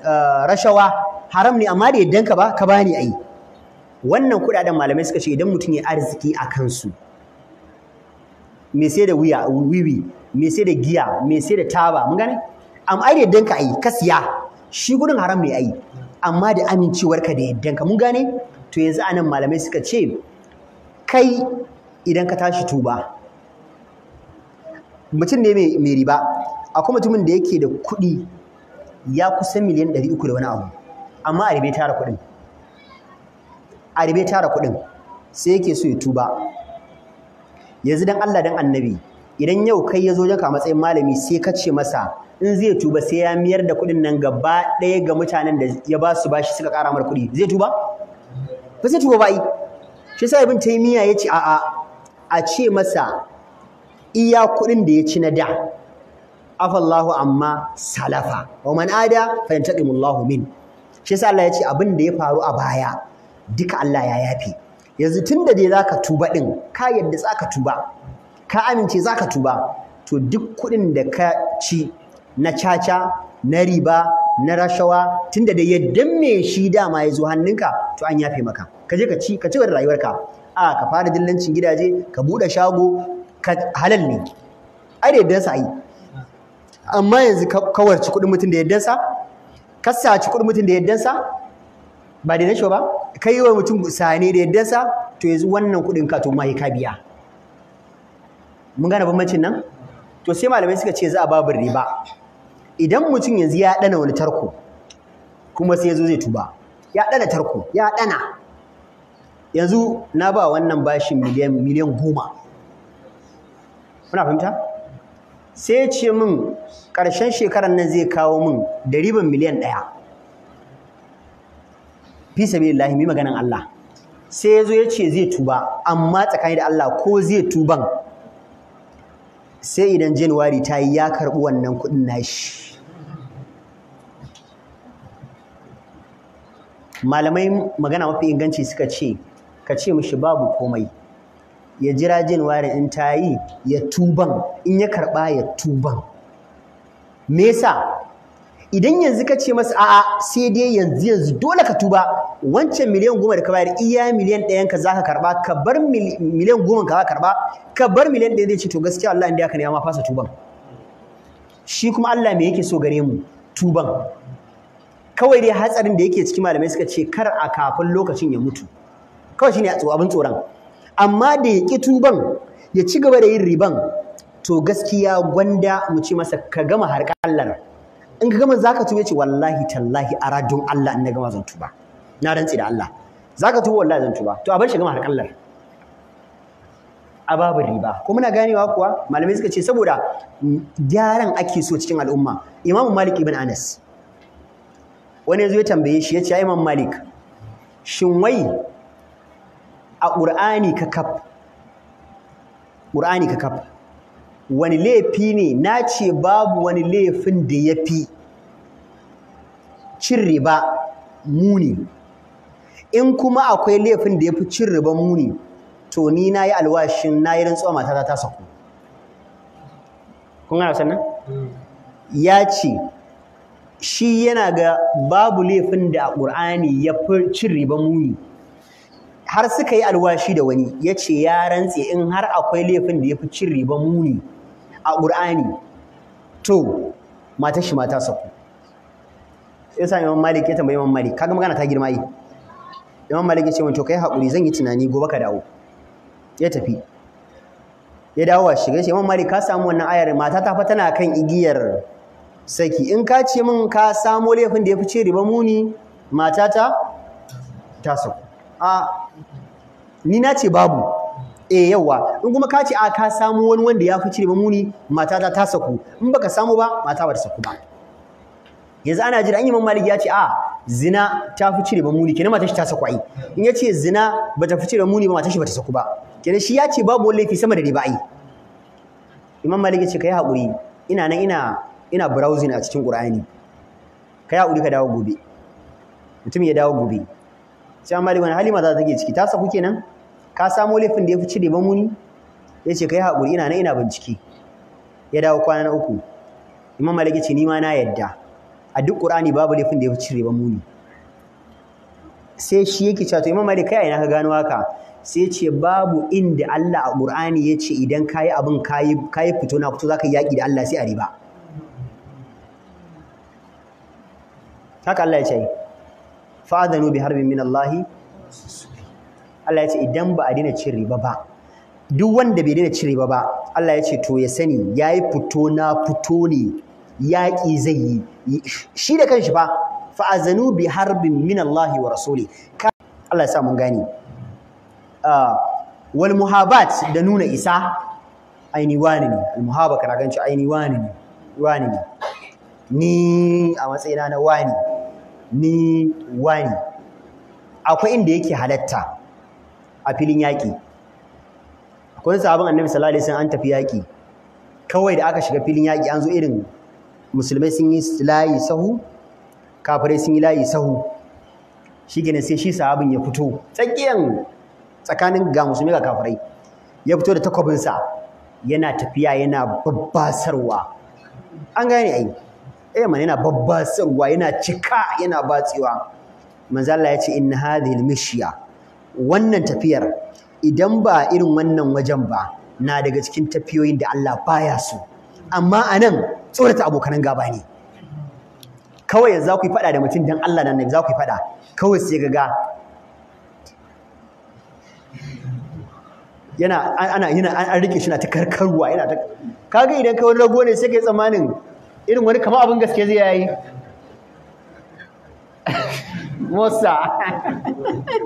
rashawa haram ne amma da yaddan ka ba ka bani a yi wannan kuɗaɗen malamai suka ce idan mutum ya arziki a kansu me sai da wuya wiwi me sai da giya me sai da taba mun gane amma da yaddan ka yi ka siya shi gudun haram ne a yi amma da amincewarka da yaddanka mun gane to yanzu anan malamai suka ce kai idan ka tashi tuba mutum ne mai riba akwai mutumin da yake da kuɗi ya kusa miliyan ɗari uku da wani abu amma a ribe tara kuɗin a ribe tara kuɗin sai yake so ya tuba yanzu dan Allah dan annabi idan yau kai ya zo jaka matsayin malami sai ka ce masa in zai tuba sai ya miyar da kuɗin nan gaba ɗaya ga mutanen da ya ba su bashi suka ƙara mara kuɗi zai tuba ba zai tuba ba yi shi sa ibn taymiya ya ce a'a a ce masa iya kuɗin da ya ci na da afallahu amma salafa wa man ada fa yantaqimullahu min shi sa Allah ya abin da ya faru a baya duka Allah ya yafe yanzu tunda dai zaka tuba din ka yadda zaka tuba ka amince za ka tuba to duk kuɗin da ka ci na caca na riba na rashawa tunda da yadda me shi dama ya zo hannunka to an yafe maka ka je ka ci ka ci da rayuwarka a ka fara dillancin gidaje ka buɗe shago ka halal ne ai da yaddansa sa amma yanzu ka kawarci kuɗin mutum da yaddansa ka saci kuɗin mutum da yaddansa ba da rashawa ba kai wa mutum sane da yaddansa to yanzu wannan kuɗin ka to ma ka biya mun gane bambancin nan to sai malamai suka ce za a babu riba idan mutum yanzu ya dana wani tarko kuma sai ya zo zai tuba ya dana tarko ya dana yanzu na ba wannan bashin miliyan miliyan goma muna fahimta sai ya ce min ƙarshen shekarar nan zai kawo min da riban miliyan ɗaya fi sabilillahi mai maganin Allah sai ya zo ya ce zai tuba amma tsakani da Allah ko zai tuban sai idan januwari ta yi ya karɓi wannan kuɗin nashi malamai magana mafi inganci suka ce ka ce mishi babu komai ya jira januwari in ta yi ya tuban in ya karɓa ya tuban me yasa idan yanzu ka ce masa a'a sai dai yanzu yanzu dole ka tuba wancan miliyan goma da ka bayar iya miliyan ɗayan ka zaka karba ka bar miliyan goma ka karba ka bar miliyan ɗayan zai ce to gaskiya Allah inda ka ne ma fasa tuban shi kuma Allah me yake so gare mu tuban kawai dai hatsarin da yake cikin malamai suka ce kar a kafin lokacin ya mutu kawai shine abin tsoron amma da ya ki tuban ya ci gaba da yin riban to gaskiya gwanda mu ce masa ka gama harkar Allah in ka gama zaka tuba ce wallahi tallahi aradun Allah in na gama zan tuba na rantsi da Allah Za ka tuba wallahi zan tuba to a bar shi gama harkallar a babu riba ko muna ganewa kuwa malamai suka ce saboda gyaran ake so cikin al'umma imamu malik ibn anas wani yanzu ya tambaye shi ya ce imam malik shin wai a ƙur'ani ka kaf ƙur'ani ka kaf wani laifi ne na ce babu wani laifin da ya fi cin riba muni in kuma akwai laifin da ya fi cin riban muni to ni na yi alwashin na yi rantsuwa matata ta saku kun gana sannan ya ce shi yana ga babu laifin da a ƙur'ani ya fi cin riban muni har suka yi alwashi da wani ya ce ya rantse in har akwai laifin da ya fi cin riban muni a ƙur'ani to mata shi mata saku sai sa imam malik ya tambayi imam malik kaga magana ta girma yi imam malik ya ce wato kai haƙuri zan yi tunani gobe ka dawo ya tafi ya dawo a shiga ya ce imam malik ka samu wannan ayar mata ta fa tana kan igiyar saki in ka ce min ka samo laifin da ya fi ce riba muni matata ta sauku a ni na ce babu e yawa in kuma ka ce a ka samu wani wanda ya fi ce riba muni matata ta sauku in baka samu ba mata ba ta sauku ba yanzu ana jira an yi Malik ya ce a zina ta fi cire muni kenan mata shi ta saku ai in ya ce zina ba ta fi cire muni ba mata shi ba ta saku ba kenan shi ya ce babu wani laifi sama da riba ai imam malik ya ce kai haƙuri ina nan ina ina browsing a cikin qur'ani kai haƙuri ka dawo gobe mutum ya dawo gobe sai malik wani hali maza ke ciki ta saku kenan ka samo laifin da ya fi cire muni ya ce kai haƙuri ina nan ina bincike ya dawo kwana uku imam malik ya ce ni ma na yadda a duk Qur'ani babu laifin da ya fi cire ba muni sai shi yake cewa to Imam Malik kai ina ka gano haka sai ce babu inda Allah a Qur'ani ya ce idan kayi abin kayi yi fito na fito ka yi yaƙi da Allah sai a riba haka Allah ya ce fa'adanu bi harbin min Allah Allah ya ce idan ba a daina cin riba ba duk wanda bai daina cin riba ba Allah ya ce to ya sani yayi fito na fito ne yaƙi zai yi shi da kanshi ba. fa'azanu bi harbin min Allah wa rasuli Allah ya sa mun gani ah, wal muhabbat da nuna isa aini wani ne al muhaba kana ganci aini wani ne wani ne ni a matsayina na wani ni wani akwai inda yake halatta a filin yaƙi akwai sahabin annabi sallallahu alaihi wasallam an tafi yaƙi kawai da aka shiga filin yaƙi an zo irin musulmai sun yi layi sahu kafirai sun yi layi sahu shi gina sai shi sahabin ya fito tsakiyan tsakanin ga musulmi ga kafirai ya fito da takwabinsa yana tafiya yana babbasarwa an gane ai eh man yana babbasarwa yana cika yana batsewa manzo Allah ya ce inna hadhihi al wannan tafiyar idan ba irin wannan wajen ba na daga cikin tafiyoyin da Allah baya su. amma anan tsorata abokanan gaba ne kawai za ku yi faɗa da mutum don Allah nan za ku yi faɗa kawai sai ga ga yana ana yana an rike shi na ta karkarwa yana ta kaga idan kai wani rago ne sai kai tsammanin irin wani kama abin gaske zai yayi *laughs* Musa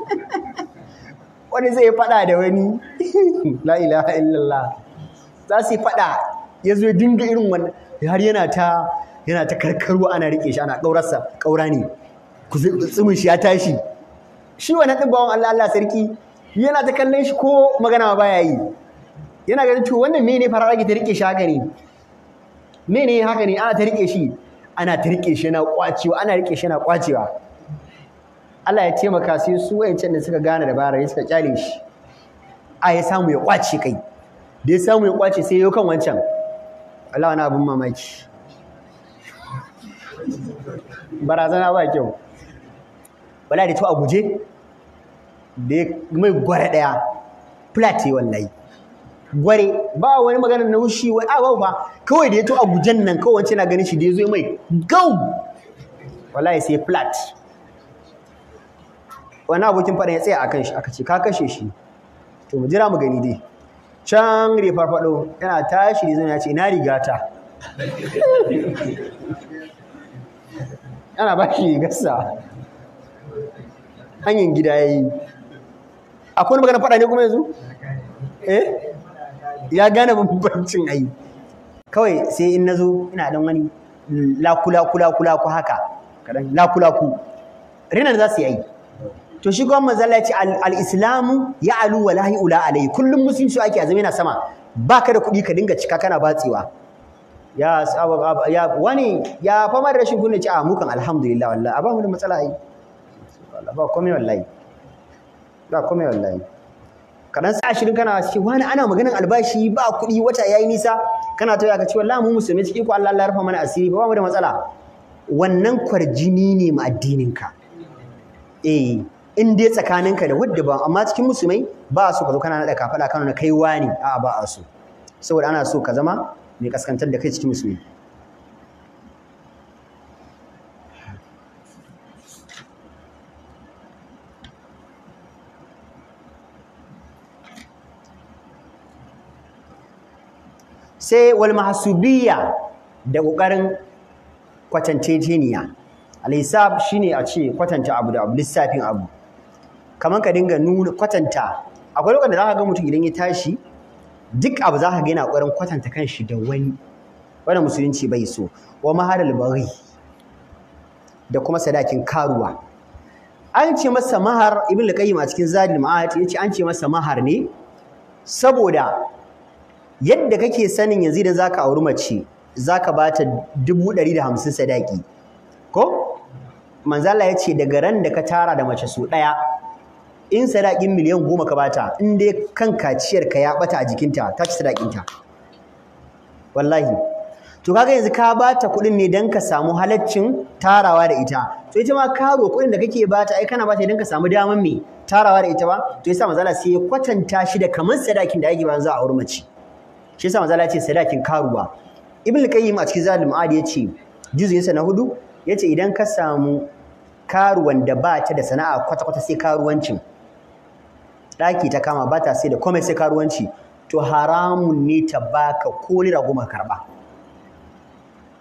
*laughs* wani zai faɗa da wani *laughs* la ilaha illallah za su yi faɗa ya zo dinga irin wannan har yana ta yana ta karkarwa ana rike shi ana kaurarsa kaura ne tsumin shi ya tashi shi wannan din bawon Allah Allah sarki yana ta kallon shi ko magana ba ya yi yana ganin to wannan mene fara rage ta rike shi haka ne mene haka ne ana ta rike shi ana ta rike shi yana kwacewa ana rike shi yana kwacewa Allah ya taimaka sai su wayancan da suka gane dabara suka kyale shi a ya samu ya kwace kai da ya samu ya kwace sai ya kan wancan Allah wani abin mamaki barazana ba kyau wala da to a guje da mai gware daya plate wallahi gware ba wani magana na wushi wai a ba kawai da ya to a gujen nan kawai wancan na ganin shi da ya zo mai gau wallahi sai flat wani abokin faɗin ya tsaya a kan shi aka ce ka kashe shi to mu jira mu gani dai can da farfado yana tashi da ya ce na rigata ana ba shi gasa hanyar gida ya yi akwai wani magana faɗa ne kuma yanzu eh ya gane bambancin ayi kawai sai in nazo ina dan wani laku laku laku laku haka kadan laku laku rinan za su yi ayi to shi kuma manzo Allah ya ce al-islamu ya'lu wa lahi ula alai kullum musulunci ake azumi na sama baka da kuɗi ka dinga cika kana batsewa ya ya wani ya fama da rashin kunne ce a mukan alhamdulillah wallahi a ba mu da matsala ai ba komai wallahi ba komai wallahi kana sa ashirin kana shi. wani ana maganin albashi ba kuɗi wata yayi nisa kana taya ka ce wallahi mu musulmi ciki ku Allah Allah ya rufa mana asiri ba mu da matsala wannan kwarjini ne mu addinin ka eh in dai tsakaninka da wadda ba amma cikin musulmai ba su ka zo kana naɗa kafaɗa kano na kai wani a'a ba a so saboda ana so ka zama mai kaskantar da kai cikin musulmi sai wal mahasubiya da ƙoƙarin kwatantejeniya al shine a ce kwatanta abu da abu lissafin abu kamar ka dinga nuna kwatanta akwai lokacin da za ka ga mutum idan ya tashi duk abu za ka ga yana ƙoƙarin kwatanta kan shi da wani Wani musulunci bai so wa maharal bari da kuma sadakin karuwa an ce masa mahar ibn Lakayyim a cikin zadil ma'at yace an ce masa mahar ne saboda yadda kake sanin yanzu idan zaka auri mace zaka bata dubu da hamsin sadaki ko manzala ya ce daga ran da ka tara da mace su ɗaya. in sadakin miliyan goma ka bata in dai kan kaciyar ka ya bata a jikinta ta ci sadakinta wallahi to kaga yanzu ka bata kuɗin ne dan ka samu halaccin tarawa da ita to ita ma karo kuɗin da kake bata ai kana bata idan ka samu daman mai tarawa da ita ba to yasa mazala sai ya kwatanta shi da kamar sadakin da ake ba za a auri mace shi yasa mazala ce sadakin karuwa ibn qayyim a cikin zalim ce yace yasa na hudu Ya ce idan ka samu karuwan da ba ta da sana'a kwata-kwata sai karuwancin ɗaki ta kama ba ta sai da komai sai karuwanci to haramun ne ta baka ko lira goma karɓa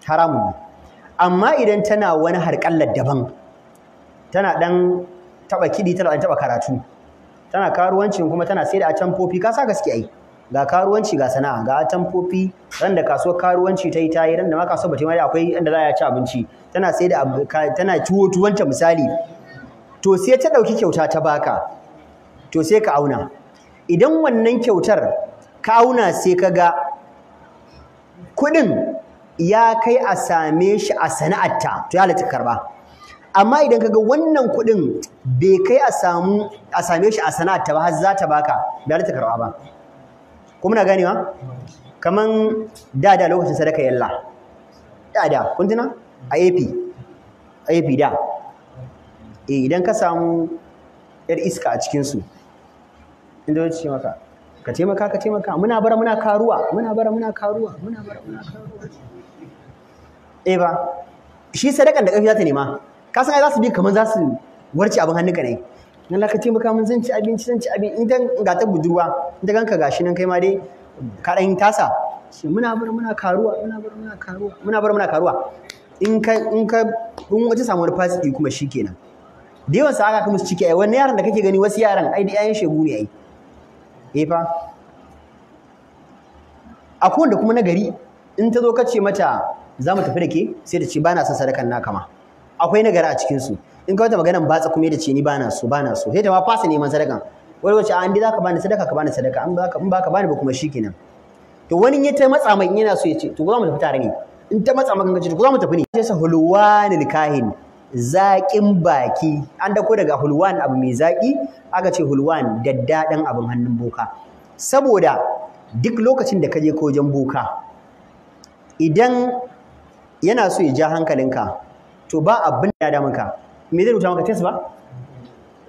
haramun ne amma idan tana wani harƙallar daban tana ɗan taɓa kiɗi tana ɗan taɓa karatu tana karuwancin kuma tana sai da atamfofi ka sa gaske ai ga karuwanci ga sana'a ga atamfofi ran da kasuwar karuwanci ta yi ta yi ran da ma kasuwar bata yi akwai inda za a ci abinci tana sai da tana tuwo tuwanta misali to sai ta ɗauki kyauta ta baka to sai ka auna idan wannan kyautar ka auna sai ka ga kuɗin ya kai a same shi a sana'arta to ya halatta karba amma idan kaga wannan kuɗin bai kai a samu a same shi a sana'arta ba har za ta baka bai halatta karba ba ko muna ganewa kaman da da lokacin sadaka yalla da da kun tuna a AP AP da eh, idan ka samu yar iska a cikin su inda zai ce maka ka taimaka ka taimaka muna bara muna karuwa muna bara muna karuwa muna bara muna karuwa eh ba shi sadakan da kafi za ta nema ka san ai za su bi kamar za su warce abin hannunka ne nan ka taimaka mun zan ci abinci zan ci abin idan ga ta budurwa in ta ganka gashi nan kai ma dai ka dan tasa shi muna bara muna karuwa muna bara muna karuwa muna bara muna karuwa in ka in ka in wace samu wani fasiki kuma shikenan da yawan sa aka kuma su ciki ai wannan yaran da kake gani wasu yaran ai da yayan shegu ne ai efa eh fa akwai wanda kuma nagari in ta zo kace mata za mu tafi da ke sai ta ce ba na son sadakan naka ma akwai nagari a cikin su in ka wata maganan batsa kuma da ce ni ba na so ba na so sai ta ma fasa neman sadakan wani wace a inda ka bani sadaka ka bani sadaka an ba ka bani ba kuma shikenan to wani ya ta matsa mai yana so ya ce to za mu tafi tare ne in ta matsa maganganci ce to za mu tafi ne sai sa hulwanil kahin zaƙin baki an dako daga hulwan abu mai zaƙi aka ce hulwan daddaɗan abin hannun boka saboda duk lokacin da ka je kojan boka idan yana so ya ja hankalinka to ba abin da ya ka. me zai rubuta maka test ba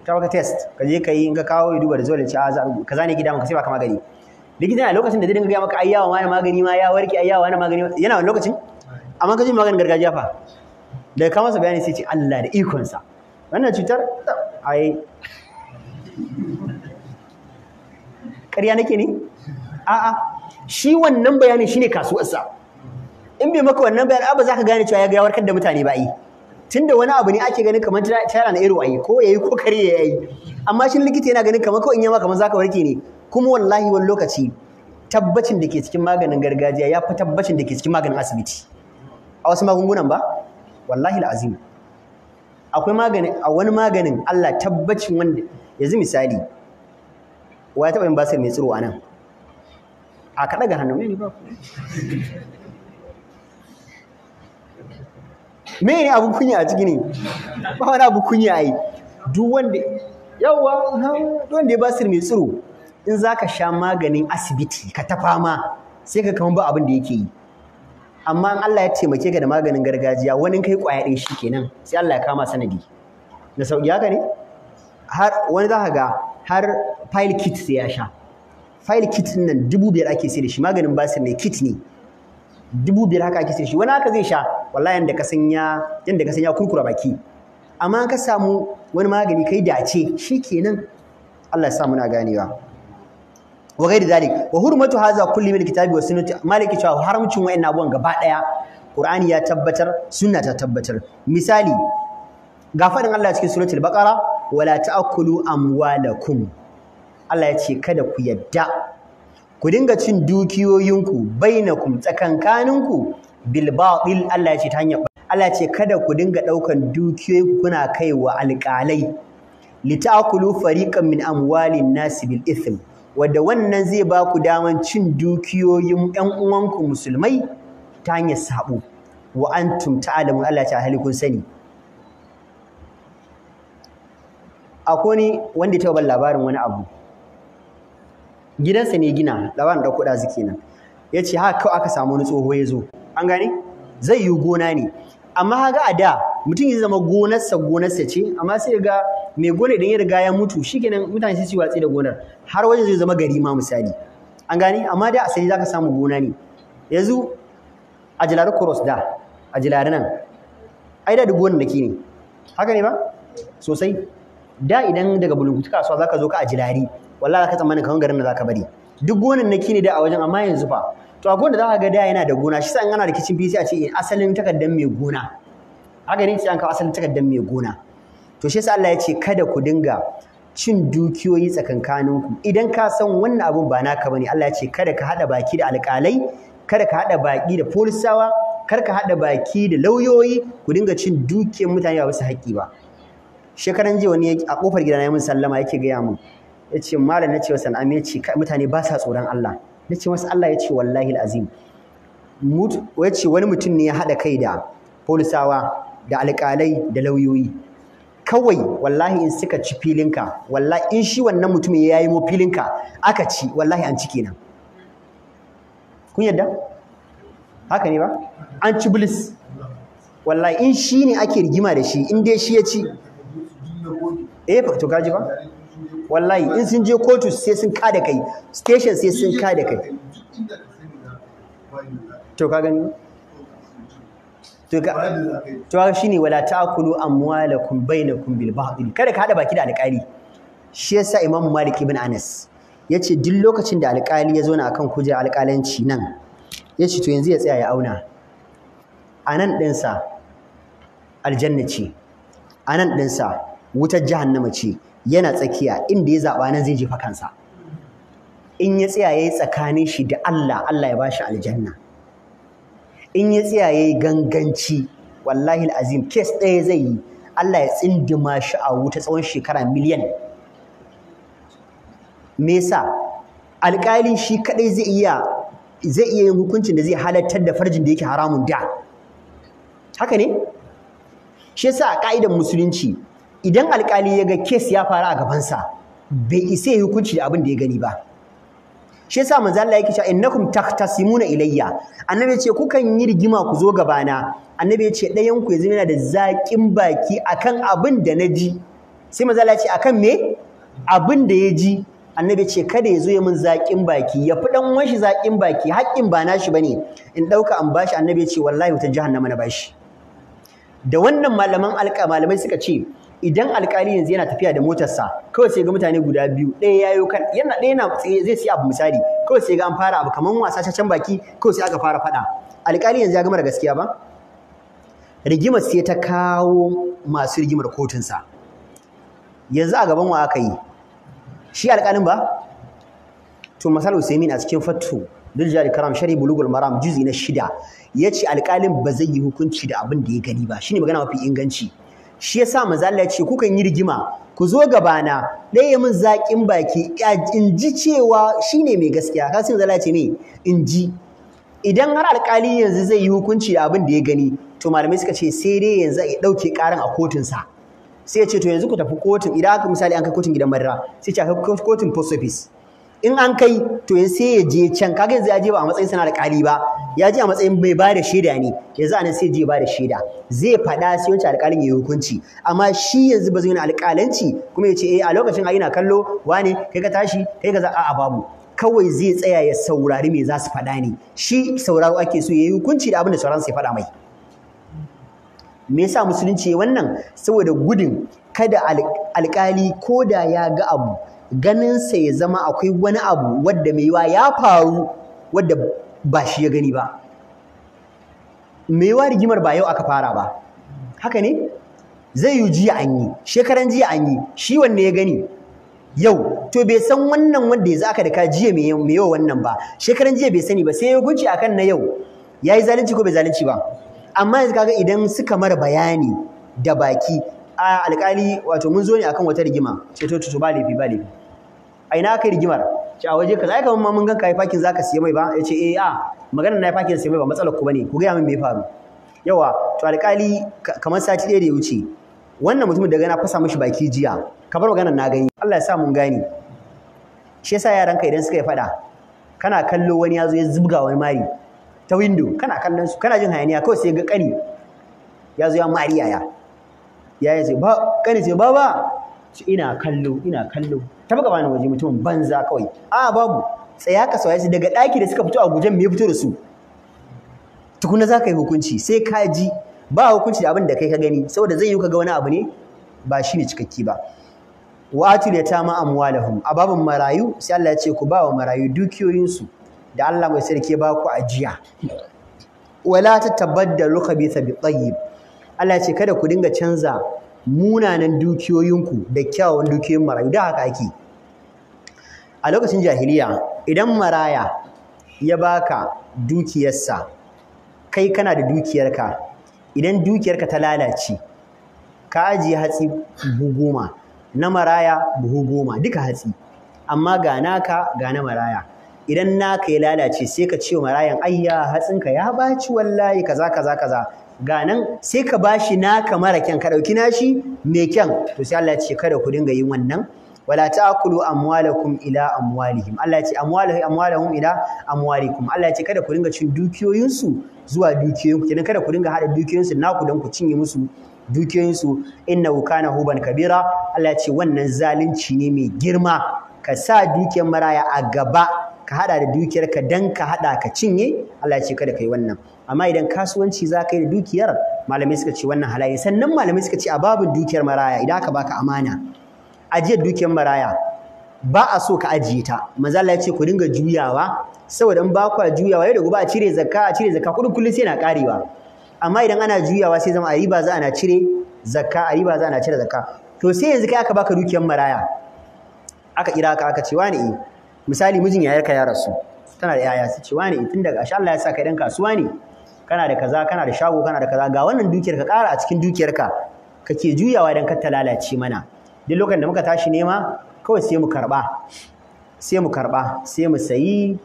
ta maka test ka je ka yi in ka kawo ya duba da zuwa da ka zane ne gida maka sai ba ka magani likita yana lokacin da zai dinga gaya maka ayyawa ma wani magani ma ya warke ayyawa yawa wani magani yana wani lokacin amma ka ji maganin gargajiya fa da ka masa bayani sai ce Allah da ikonsa wannan cutar ai ƙarya nake ne a'a shi wannan bayanin shine kasuwarsa in bai maka wannan bayanin ba za ka gane cewa ya ga warkar da mutane ba yi tunda wani abu ne ake ganin kamar tara na iro ayi ko yayi ko kare yayi amma shin likita yana ganin kamar kawai in yi maka za ka warke ne kuma wallahi wani lokaci tabbacin da ke cikin maganin gargajiya ya fi tabbacin da ke cikin maganin asibiti a wasu magungunan ba wallahi alazim akwai magani a wani maganin Allah tabbacin wanda yanzu misali wa ya taɓa yin basir mai tsiro a nan a kada ga hannu mai ba me ne abu kunya a ciki ne ba wani abu kunya yi. duk wanda yawa duk wanda ya basir mai tsiro in za ka sha maganin asibiti ka ta fama sai ka kama ba abin da yake yi amma in Allah ya taimake ka da maganin gargajiya wani kai kwaya ɗaya shi kenan sai Allah ya kama sanadi da sauƙi haka ne har wani za ka ga har file kit sai ya sha file kit din nan dubu biyar ake sai da shi maganin basir ne kit ne dubu biyar haka ake sai shi wani haka zai sha wallahi yanda ka san ya yanda ka san ya kurkura baki amma ka samu wani magani kai dace shi kenan Allah ya sa muna ganewa wa ghairi zalik wa hurmatu haza kulli min kitabi wa sunnati maliki cewa haramcin wayannan abubuwan gaba daya qur'ani ya tabbatar sunna ta tabbatar misali ga fadin Allah cikin suratul baqara wala ta'kulu amwalakum Allah ya ce kada ku yadda ku dinga cin dukiyoyinku bainakum tsakankaninku bil batil Allah ya ce ta hanyar Allah ya ce kada ku dinga daukan dukiyoyinku kuna kaiwa alƙalai litakulu fariqan min amwalin nasi bil ithm wadda wannan zai ba ku daman cin dukiyoyin ƴan uwanku musulmai ta hanyar sabo wa antum ta'lamun Allah ta hali sani akwai ni wanda ya taɓa labarin wani abu gidansa ne gina labarin da kuɗa zuke nan ya ce haka kawai aka samu wani tsoho ya zo an gane zai yi gona ne amma haka a da mutum ya zama gonarsa gonarsa ce amma sai ga mai gona idan ya riga ya mutu shikenan mutane sai su watsi da gonar har wajen zai zama gari ma misali an gane amma da asali zaka samu gona ne yanzu a jilari cross da a jilari nan ai da gonar da ke ne haka ne ba sosai da idan daga bulungutu kasuwa zaka zo ka a jilari wallahi zaka tsammanin kawai garin da zaka bari duk gonan na ne da a wajen amma yanzu fa to a gonar da zaka ga da yana da gona shi sa in gana rikicin sai a ce eh, asalin takardar mai gona haka ne sai an kawo asalin takardar mai gona to shi yasa Allah ya ce kada ku dinga cin dukiyoyi tsakankaninku idan ka san wannan abun ba naka bane Allah ya ce kada ka hada baki da alƙalai kada ka haɗa baki da polisawa kar ka hada baki da lauyoyi ku dinga cin dukiyar mutane ba bisa haƙƙi ba shekaran jiya wani a kofar gidana ya mun sallama yake gaya mun yace malam nace wasan ame ce mutane ba sa tsoron Allah nace masa Allah yace wallahi alazim mut ce wani mutum ne ya haɗa kai da polisawa da alƙalai da lauyoyi kawai wallahi in suka ci filinka wallahi in shi wannan mutumin ya yi mu filinka aka ci wallahi an ci kenan kun yadda haka ne ba an ci bilis wallahi in shi ne ake rigima da shi in dai shi ya ci eh to kaji ba wallahi in sun je kotu sai sun kada kai station sai sun kada kai to ka gani to ga shine wala ta'kulu amwalakum bainakum bil batil kada ka hada baki da alƙali shi yasa Imam Malik ibn Anas yace duk lokacin da alƙali ya zo zauna akan kujerar alƙalanci nan yace to yanzu ya tsaya ya auna anan din sa aljanna ce anan din sa wutar jahannama ce yana tsakiya inda ya zaba nan zai jefa kansa in ya tsaya yayi tsakanin shi da Allah Allah ya ba shi aljanna in ya tsaya ya yi ganganci wallahi azim kes ɗaya zai yi Allah ya tsindima shi a wuta tsawon shekara miliyan me yasa alƙalin shi kaɗai zai iya zai iya yin hukuncin da zai halartar da farjin da yake haramun da haka ne shi yasa ƙa'idar musulunci idan alƙali ya ga kes ya faru a gabansa bai isa hukunci da abin da ya gani ba shi yasa manzo Allah yake cewa innakum taqtasimuna ilayya annabi yace kukan yi rigima ku zo gaba na annabi yace ɗayan ku yanzu yana da zaƙin baki akan abin da na sai manzo Allah yace akan me abin da ya ji annabi yace kada ya zo ya min zakin baki ya fi dan wanshi zaƙin baki haƙƙin ba nashi bane in dauka an bashi annabi yace wallahi wutar jahannama na bashi da wannan malaman alƙa malamai suka ce idan alkali yanzu yana tafiya da motarsa kawai sai ga mutane guda biyu ɗaya ya yi kan yana ɗaya na zai sai abu misali kawai sai ga an fara abu Kamar wasa can baki kawai sai aka fara faɗa alkali yanzu ya gama da gaskiya ba rigimar sai ta kawo masu rigimar kotunsa yanzu a gaban wa aka yi shi alƙalin ba to masal usaimin a cikin fatu jari karam shari bulugul maram juzi na shida ya ce alƙalin ba zai yi hukunci da abin da ya gani ba ne magana mafi inganci shi yasa manzo Allah ya ce kukan yi rigima ku zo gabana dai ya mun zakin baki in ji cewa shine mai gaskiya ka sai manzo Allah ce me in ji idan har alƙali yanzu zai yi hukunci da abin da ya gani to malamai suka ce sai dai yanzu ya dauke ƙarin a kotunsa sai ya ce to yanzu ku tafi kotun idan aka misali an kai kotun gidan madara sai ce kai kotun post office in an kai to yanzu sai ya je can kaga yanzu ya je ba a matsayin sana da kali ba ya je a matsayin mai ba da shaida ne Ya yanzu anan sai je ba da shaida zai faɗa sai wancan alƙalin ya yi hukunci amma shi yanzu ba zai yi alƙalanci kuma ya ce eh a lokacin ayi na kallo wane kai ka tashi kai ka za a babu kawai zai tsaya ya saurari me za su faɗa ne shi sauraro ake so ya yi hukunci da abin da sauran sai faɗa mai me yasa musulunci wannan saboda gudun kada alƙali ko da ya ga abu ganinsa ya zama akwai wani abu wadda mai yiwa ya faru wadda ba shi ya gani ba mai yiwa rigimar ba yau aka fara ba haka ne zai yi jiya an yi shekaran jiya an yi shi wanne ya gani yau to bai san wannan wanda ya zaka da ka jiya mai yau wannan ba shekaran jiya bai sani ba sai ya gunci akan na yau ya yi zalunci ko bai zalunci ba amma yanzu kaga idan suka mara bayani da baki a alƙali wato mun zo ne akan wata rigima ce to to ba laifi ba laifi a ina aka yi rigimar ce a waje kaza ai kaman ma mun ganka ya fakin za ka siya mai ba yace eh a magana na fakin siya mai ba matsalar ku bane ku gaya min me faru yawa to alƙali kamar sati ɗaya da ya wuce wannan mutumin da gana fasa mishi baki jiya ka bar maganar na gani Allah ya sa mun gani shi yasa yaranka idan suka yi faɗa kana kallo wani ya zo ya zubga wani mari ta window kana kallon su kana jin hayaniya kawai sai ga kani ya zo ya mari yaya yaya ce ba kani ce ba? ina kallo ina kallo Ta buga bani waje mutumin banza kawai a babu tsaya ka sauya su daga ɗaki da suka fito a gujen me fito da su tukuna za ka yi hukunci sai ka ji ba hukunci da abin da kai ka gani saboda zai yi ka ga wani abu ne ba shi ne cikakki ba wa atul yatama amwalahum a babin marayu sai Allah ya ce ku ba wa marayu dukiyoyinsu da Allah mai sarki ba ku ajiya wala tatabaddalu khabitha bi tayyib Allah ya ce kada ku dinga canza munanan dukiyoyinku da kyawun dukiyoyin marayu da haka ake a lokacin jahiliya idan maraya ya baka dukiyarsa kai kana da dukiyarka idan dukiyarka ta lalace ka ajiye hatsi buhu goma na maraya buhu goma duka hatsi amma ga naka ga na maraya idan naka ya lalace sai ka ce wa marayan ayya hatsinka ya baci wallahi kaza kaza kaza ga nan sai ka bashi naka mara kyan ka ɗauki nashi mai kyan to sai Allah ya ce kada ku dinga yin wannan wala ta'kulu amwalakum ila amwalihim Allah ya ce amwalahum amwalahum ila amwalikum Allah ya ce kada ku dinga cin dukiyoyinsu zuwa dukiyoyinku kenan kada ku dinga hada dukiyoyinsu naku dan ku cinye musu dukiyoyinsu Inna kana huban kabira Allah ya ce wannan zalunci ne mai girma ka sa dukiyar maraya a gaba ka hada da dukiyarka dan ka hada ka cinye Allah ya ce kada kai wannan amma idan kasuwanci za ka yi da dukiyar malamai suka ce wannan halaye sannan malamai suka ce a babin dukiyar maraya idan aka baka amana ajiyar dukiyar maraya ba a so ka ajiye ta manzo Allah ya ce ku dinga juyawa saboda in ba ku juyawa yau da gobe a cire zakka a cire zakka kudin kullun sai na karewa amma idan ana juyawa sai zama a riba za ana cire zakka a riba za ana cire zakka to sai yanzu kai aka baka dukiyar maraya aka kira ka aka ce wani eh misali mijin yayarka ya rasu tana da yaya su ce wani eh? tun daga asha Allah ya sa kai dan kasuwa ne kana da kaza kana da shago kana da kaza ga wannan dukiyar ka ƙara a cikin dukiyarka kake juyawa don ka ta lalace mana duk lokacin da muka tashi nema kawai sai mu karɓa sai mu karɓa sai mu sayi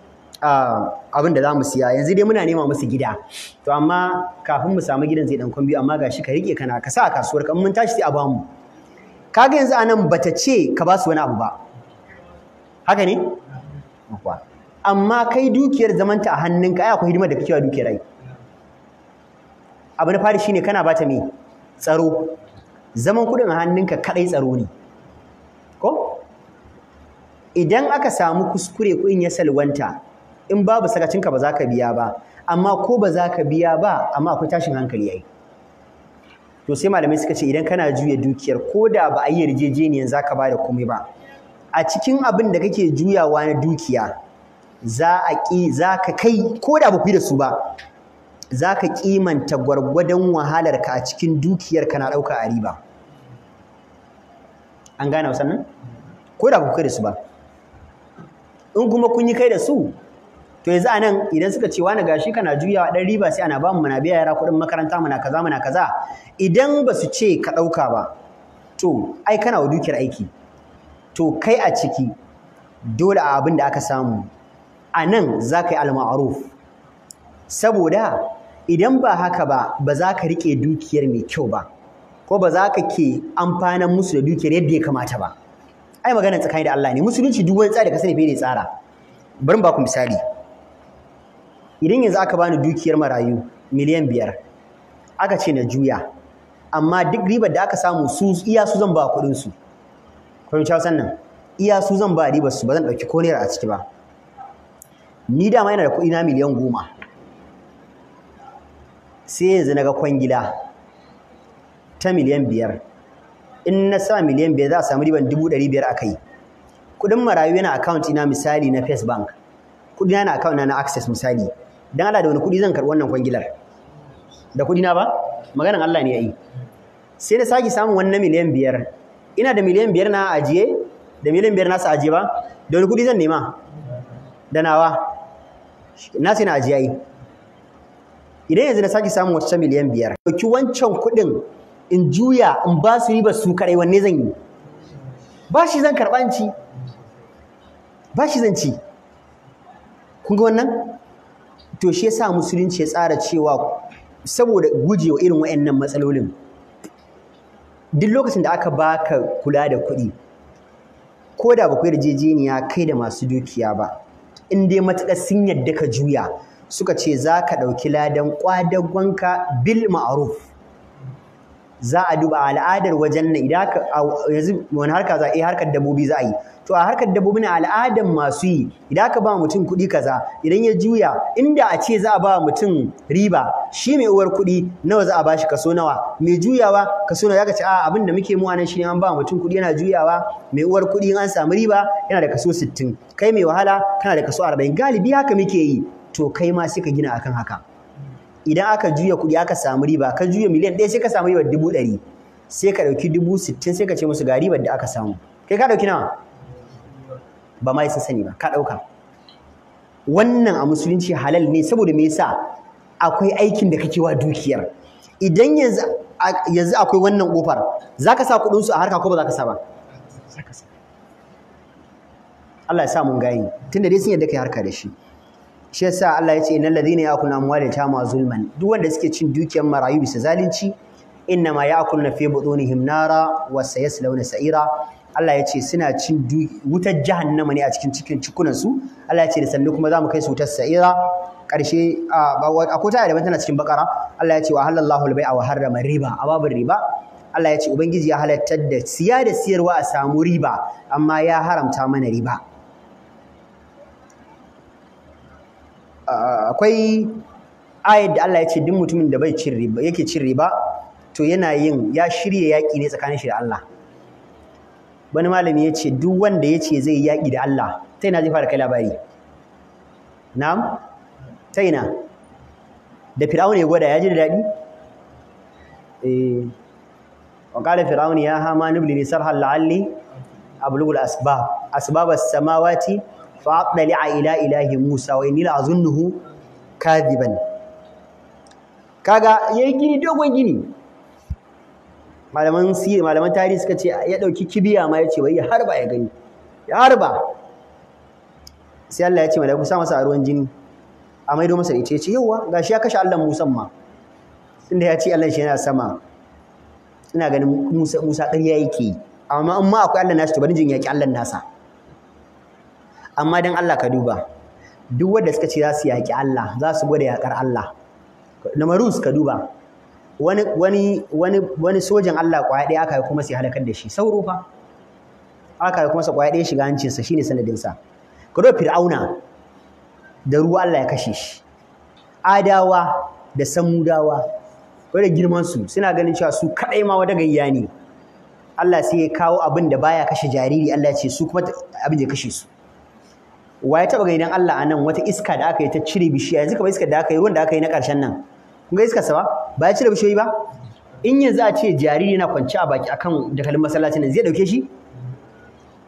abin da za mu siya yanzu dai muna nema musu gida to amma kafin mu samu gidan zai dan kwambi amma gashi ka rike kana ka sa a kasuwar ka mun tashi sai a bamu kaga yanzu anan bata ce ka ba su wani abu ba haka ne amma kai dukiyar zamanta a hannunka ai akwai hidima da kake wa dukiyar ai abu na fari shine kana bata me tsaro zaman kuɗin a hannunka kaɗai tsaro ne ko idan aka samu kuskure kuɗin ya salwanta in babu sakacinka ba za ka biya ba amma ko ba za ka biya ba amma akwai tashin hankali yayi to sai malamai suka ce idan kana juya dukiyar ko da ba a yi yarjejeniyar za ka ba da komai ba a cikin abin da kake juyawa na dukiya za a ƙi za ka kai ko da ba ku da su ba za ka kimanta gwargwadon wahalarka a cikin dukiyarka na ɗauka a riba an gane wasan nan ko da ku kai da su ba in kuma kun yi kai da su to yanzu a nan idan suka ce wani gashi kana juyawa ɗan riba sai ana bamu mana biya yara kuɗin makaranta mana kaza mana kaza idan ba su ce ka ɗauka ba to ai kana wa dukiyar aiki to kai a ciki dole a abin da aka samu a nan za ka yi alma'aruf saboda idan ba haka ba ba za ka riƙe dukiyar mai kyau ba ko ba za ka ke amfanan musu da dukiyar yadda ya kamata ba ai magana tsakani da Allah ne musulunci duk wani tsari da ka sani bai tsara bari ba ku misali idan yanzu aka bani dukiyar marayu miliyan biyar aka ce na juya amma duk ribar da aka samu su iya su zan ba kuɗin su kun san nan iya su zan ba ribar su ba zan ɗauki ko naira a ciki ba ni dama yana da kuɗi na miliyan goma sai yanzu na ga kwangila ta miliyan biyar in na sa miliyan biyar za a samu riban dubu ɗari biyar a kai kuɗin marayu yana account ina misali na first bank kuɗi na account na access misali dan Allah da wani kuɗi zan karɓi wannan kwangilar da na ba maganan Allah ne yayi sai na sake samun wannan miliyan biyar ina da miliyan biyar na ajiye da miliyan biyar na ajiye ba da wani kuɗi zan nema da nawa na sai na ajiye yi idan yanzu na sake samun wata miliyan biyar ɗauki wancan kuɗin in juya in ba su riba su karai wanne zan yi ba shi zan karɓa in ci ba shi zan ci kun ga wannan to shi yasa musulunci ya tsara cewa saboda gujewa irin wayannan matsalolin duk lokacin da aka baka kula da kuɗi ko da ba ku yarjejeniya kai da masu dukiya ba in dai matuƙar sun yadda ka juya suka ce za ka ɗauki ladan ƙwadagonka bil ma'aruf za a duba al'adar wajen nan idan haka yanzu wani harka za a eh, yi harkar dabbobi za a yi to a harkar dabbobi na al'adar masu yi idan aka ba mutum kuɗi kaza idan ya juya inda a ce za a ba mutum riba shi mai uwar kuɗi nawa za a ba shi kaso nawa mai juyawa kaso nawa zaka ce a abin da muke mu anan shine an ba mutum kuɗi yana juyawa mai uwar kuɗi in an samu riba yana da kaso 60 kai mai wahala kana da kaso 40 galibi haka muke yi to kai ma sai ka gina akan haka idan aka juya kuɗi aka samu riba ka juya miliyan ɗaya sai ka samu ribar dubu ɗari sai ka ɗauki dubu sittin sai ka ce musu ga ribar da aka samu kai ka ɗauki nawa ba ma yasa sani ba ka ɗauka wannan a musulunci halal ne saboda me yasa akwai aikin da kake wa dukiyar idan yanzu yanzu akwai wannan kofar zaka sa kuɗin su a harka ko ba zaka sa ba Allah ya sa mun gayi tunda dai sun yadda kai harka da shi shi yasa Allah ya ce innal ladhina ya'kuluna amwalal yatama zulman duk wanda suke cin dukiyar marayu bisa zalunci ma ya'kuluna fi butunihim nara wa sayaslawna sa'ira Allah ya ce suna cin wutar jahannama ne a cikin cikin cikunan su Allah ya ce da sannu kuma zamu kai su wutar sa'ira karshe akwai ta da tana cikin bakara Allah ya ce wa halallahu a wa harrama riba ababin riba Allah ya ce ubangiji ya halartar da siya da siyarwa a samu riba amma ya haramta mana riba akwai ayat da Allah ya ce duk mutumin da bai cin riba yake cin riba to yana yin ya shirya yaƙi ne tsakanin shi da Allah wani malami ya ce duk wanda ya ce zai yaƙi da Allah ta yana zai fara kai labari na'am ta yana da fir'auna ya gwada ya ji da daɗi eh wa qala fir'auna ya hama nubli sarhal la'alli ablughu al-asbab asbab as-samawati fa atlali'a ila ilahi Musa wa inni la'azunnuhu kadiban kaga yayi gini dogon gini malaman sirri malaman tarihi suka ce ya dauki kibiya ma yace bai harba ya gani ya harba sai Allah ya ce malaiku sa masa ruwan jini a maido masa ita yace yawa gashi ya kashe Allah Musa ma tunda ya ce Allah shi yana sama ina ganin Musa Musa ƙarya ke. amma in ma akwai Allah nashi to bari jin yaki Allah nasa amma dan Allah ka duba duk wanda suka ce za su yaƙi Allah za su gwada yaƙar Allah namarus ka duba wani wani wani wani sojan Allah kwaya ɗaya aka yi kuma sai halakar da shi sauro fa aka yi kuma sa kwaya ɗaya shiga hancinsa shine sanadinsa ka duba fir'auna da ruwa Allah ya kashe shi adawa da samudawa wanda girman su suna ganin cewa su kadai ma wata gayya ne Allah sai ya kawo abin da baya kashe jariri Allah ya ce su kuma abin da ya kashe su wa ya taɓa gaidan Allah a nan wata iska da aka yi ta cire bishiya yanzu kamar iska da aka yi ruwan aka yi na ƙarshen nan kun ga iska sa ba ya cire bishiyoyi ba in yanzu a ce jariri yana kwance a baki akan dakalin masallacin nan zai dauke shi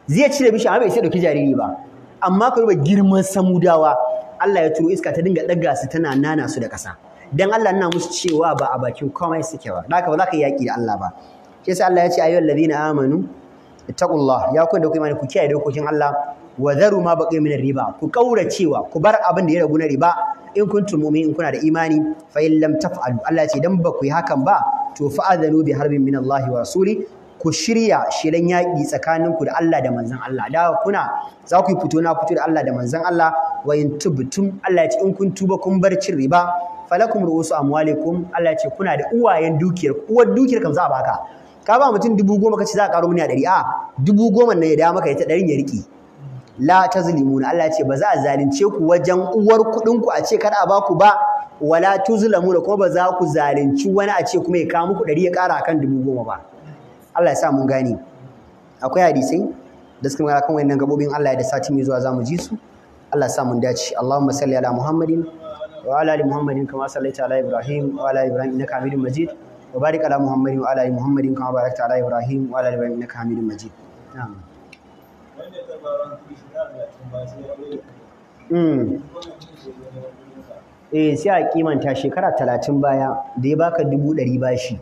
zai cire bishiya amma bai sai dauke jariri ba amma ka ba girman samudawa Allah ya turo iska ta dinga daga su tana nana su da ƙasa dan Allah na musu cewa ba a bakin komai suke ba haka ba za ka yi yaƙi da Allah ba shi yasa Allah ya ce ayyuhal ladina amanu ittaqullah ya ku da ku imani ku kiyaye dokokin Allah Wazaruma dharu ma riba ku cewa ku bar abin da ya ragu na riba in kuntum mu'min in kuna da imani fa in lam Allah ce dan ba ku yi hakan ba to fa'adhanu bi harbin min Allah wa rasuli ku shirya shirin yaƙi tsakaninku da Allah da manzon Allah da kuna za ku fito na fito da Allah da manzon Allah wa in tubtum Allah ce in kun tuba kun bar cin riba falakum ru'usu amwalikum Allah ya ce kuna da uwayen dukiyar uwar dukiyar kam za a baka ka ba mutum dubu goma kace za a karo mini a ɗari dubu goma ne ya da maka ita ɗarin ya rike. la tazlimuna Allah ya ce ba za a zalunce ku wajen uwar kuɗin ku a ce kar a ku ba wala tuzlamuna kuma ba za ku zalunci wani a ce kuma ya kawo muku ɗari ya ƙara akan dubu goma ba Allah ya sa mun gane akwai hadisai da suka magana kan wayannan gabobin Allah ya da sati mai zuwa zamu ji su Allah ya sa mun dace Allahumma salli ala Muhammadin wa ala ali Muhammadin kama sallaita ala Ibrahim wa ala Ibrahim innaka Hamidum Majid wa barik ala Muhammadin wa ala ali Muhammadin kama barakta ala Ibrahim wa ala Ibrahim innaka Hamidum Majid you. Hmm. eh sai a kimanta shekara talatin baya da ya baka dubu ɗari bashi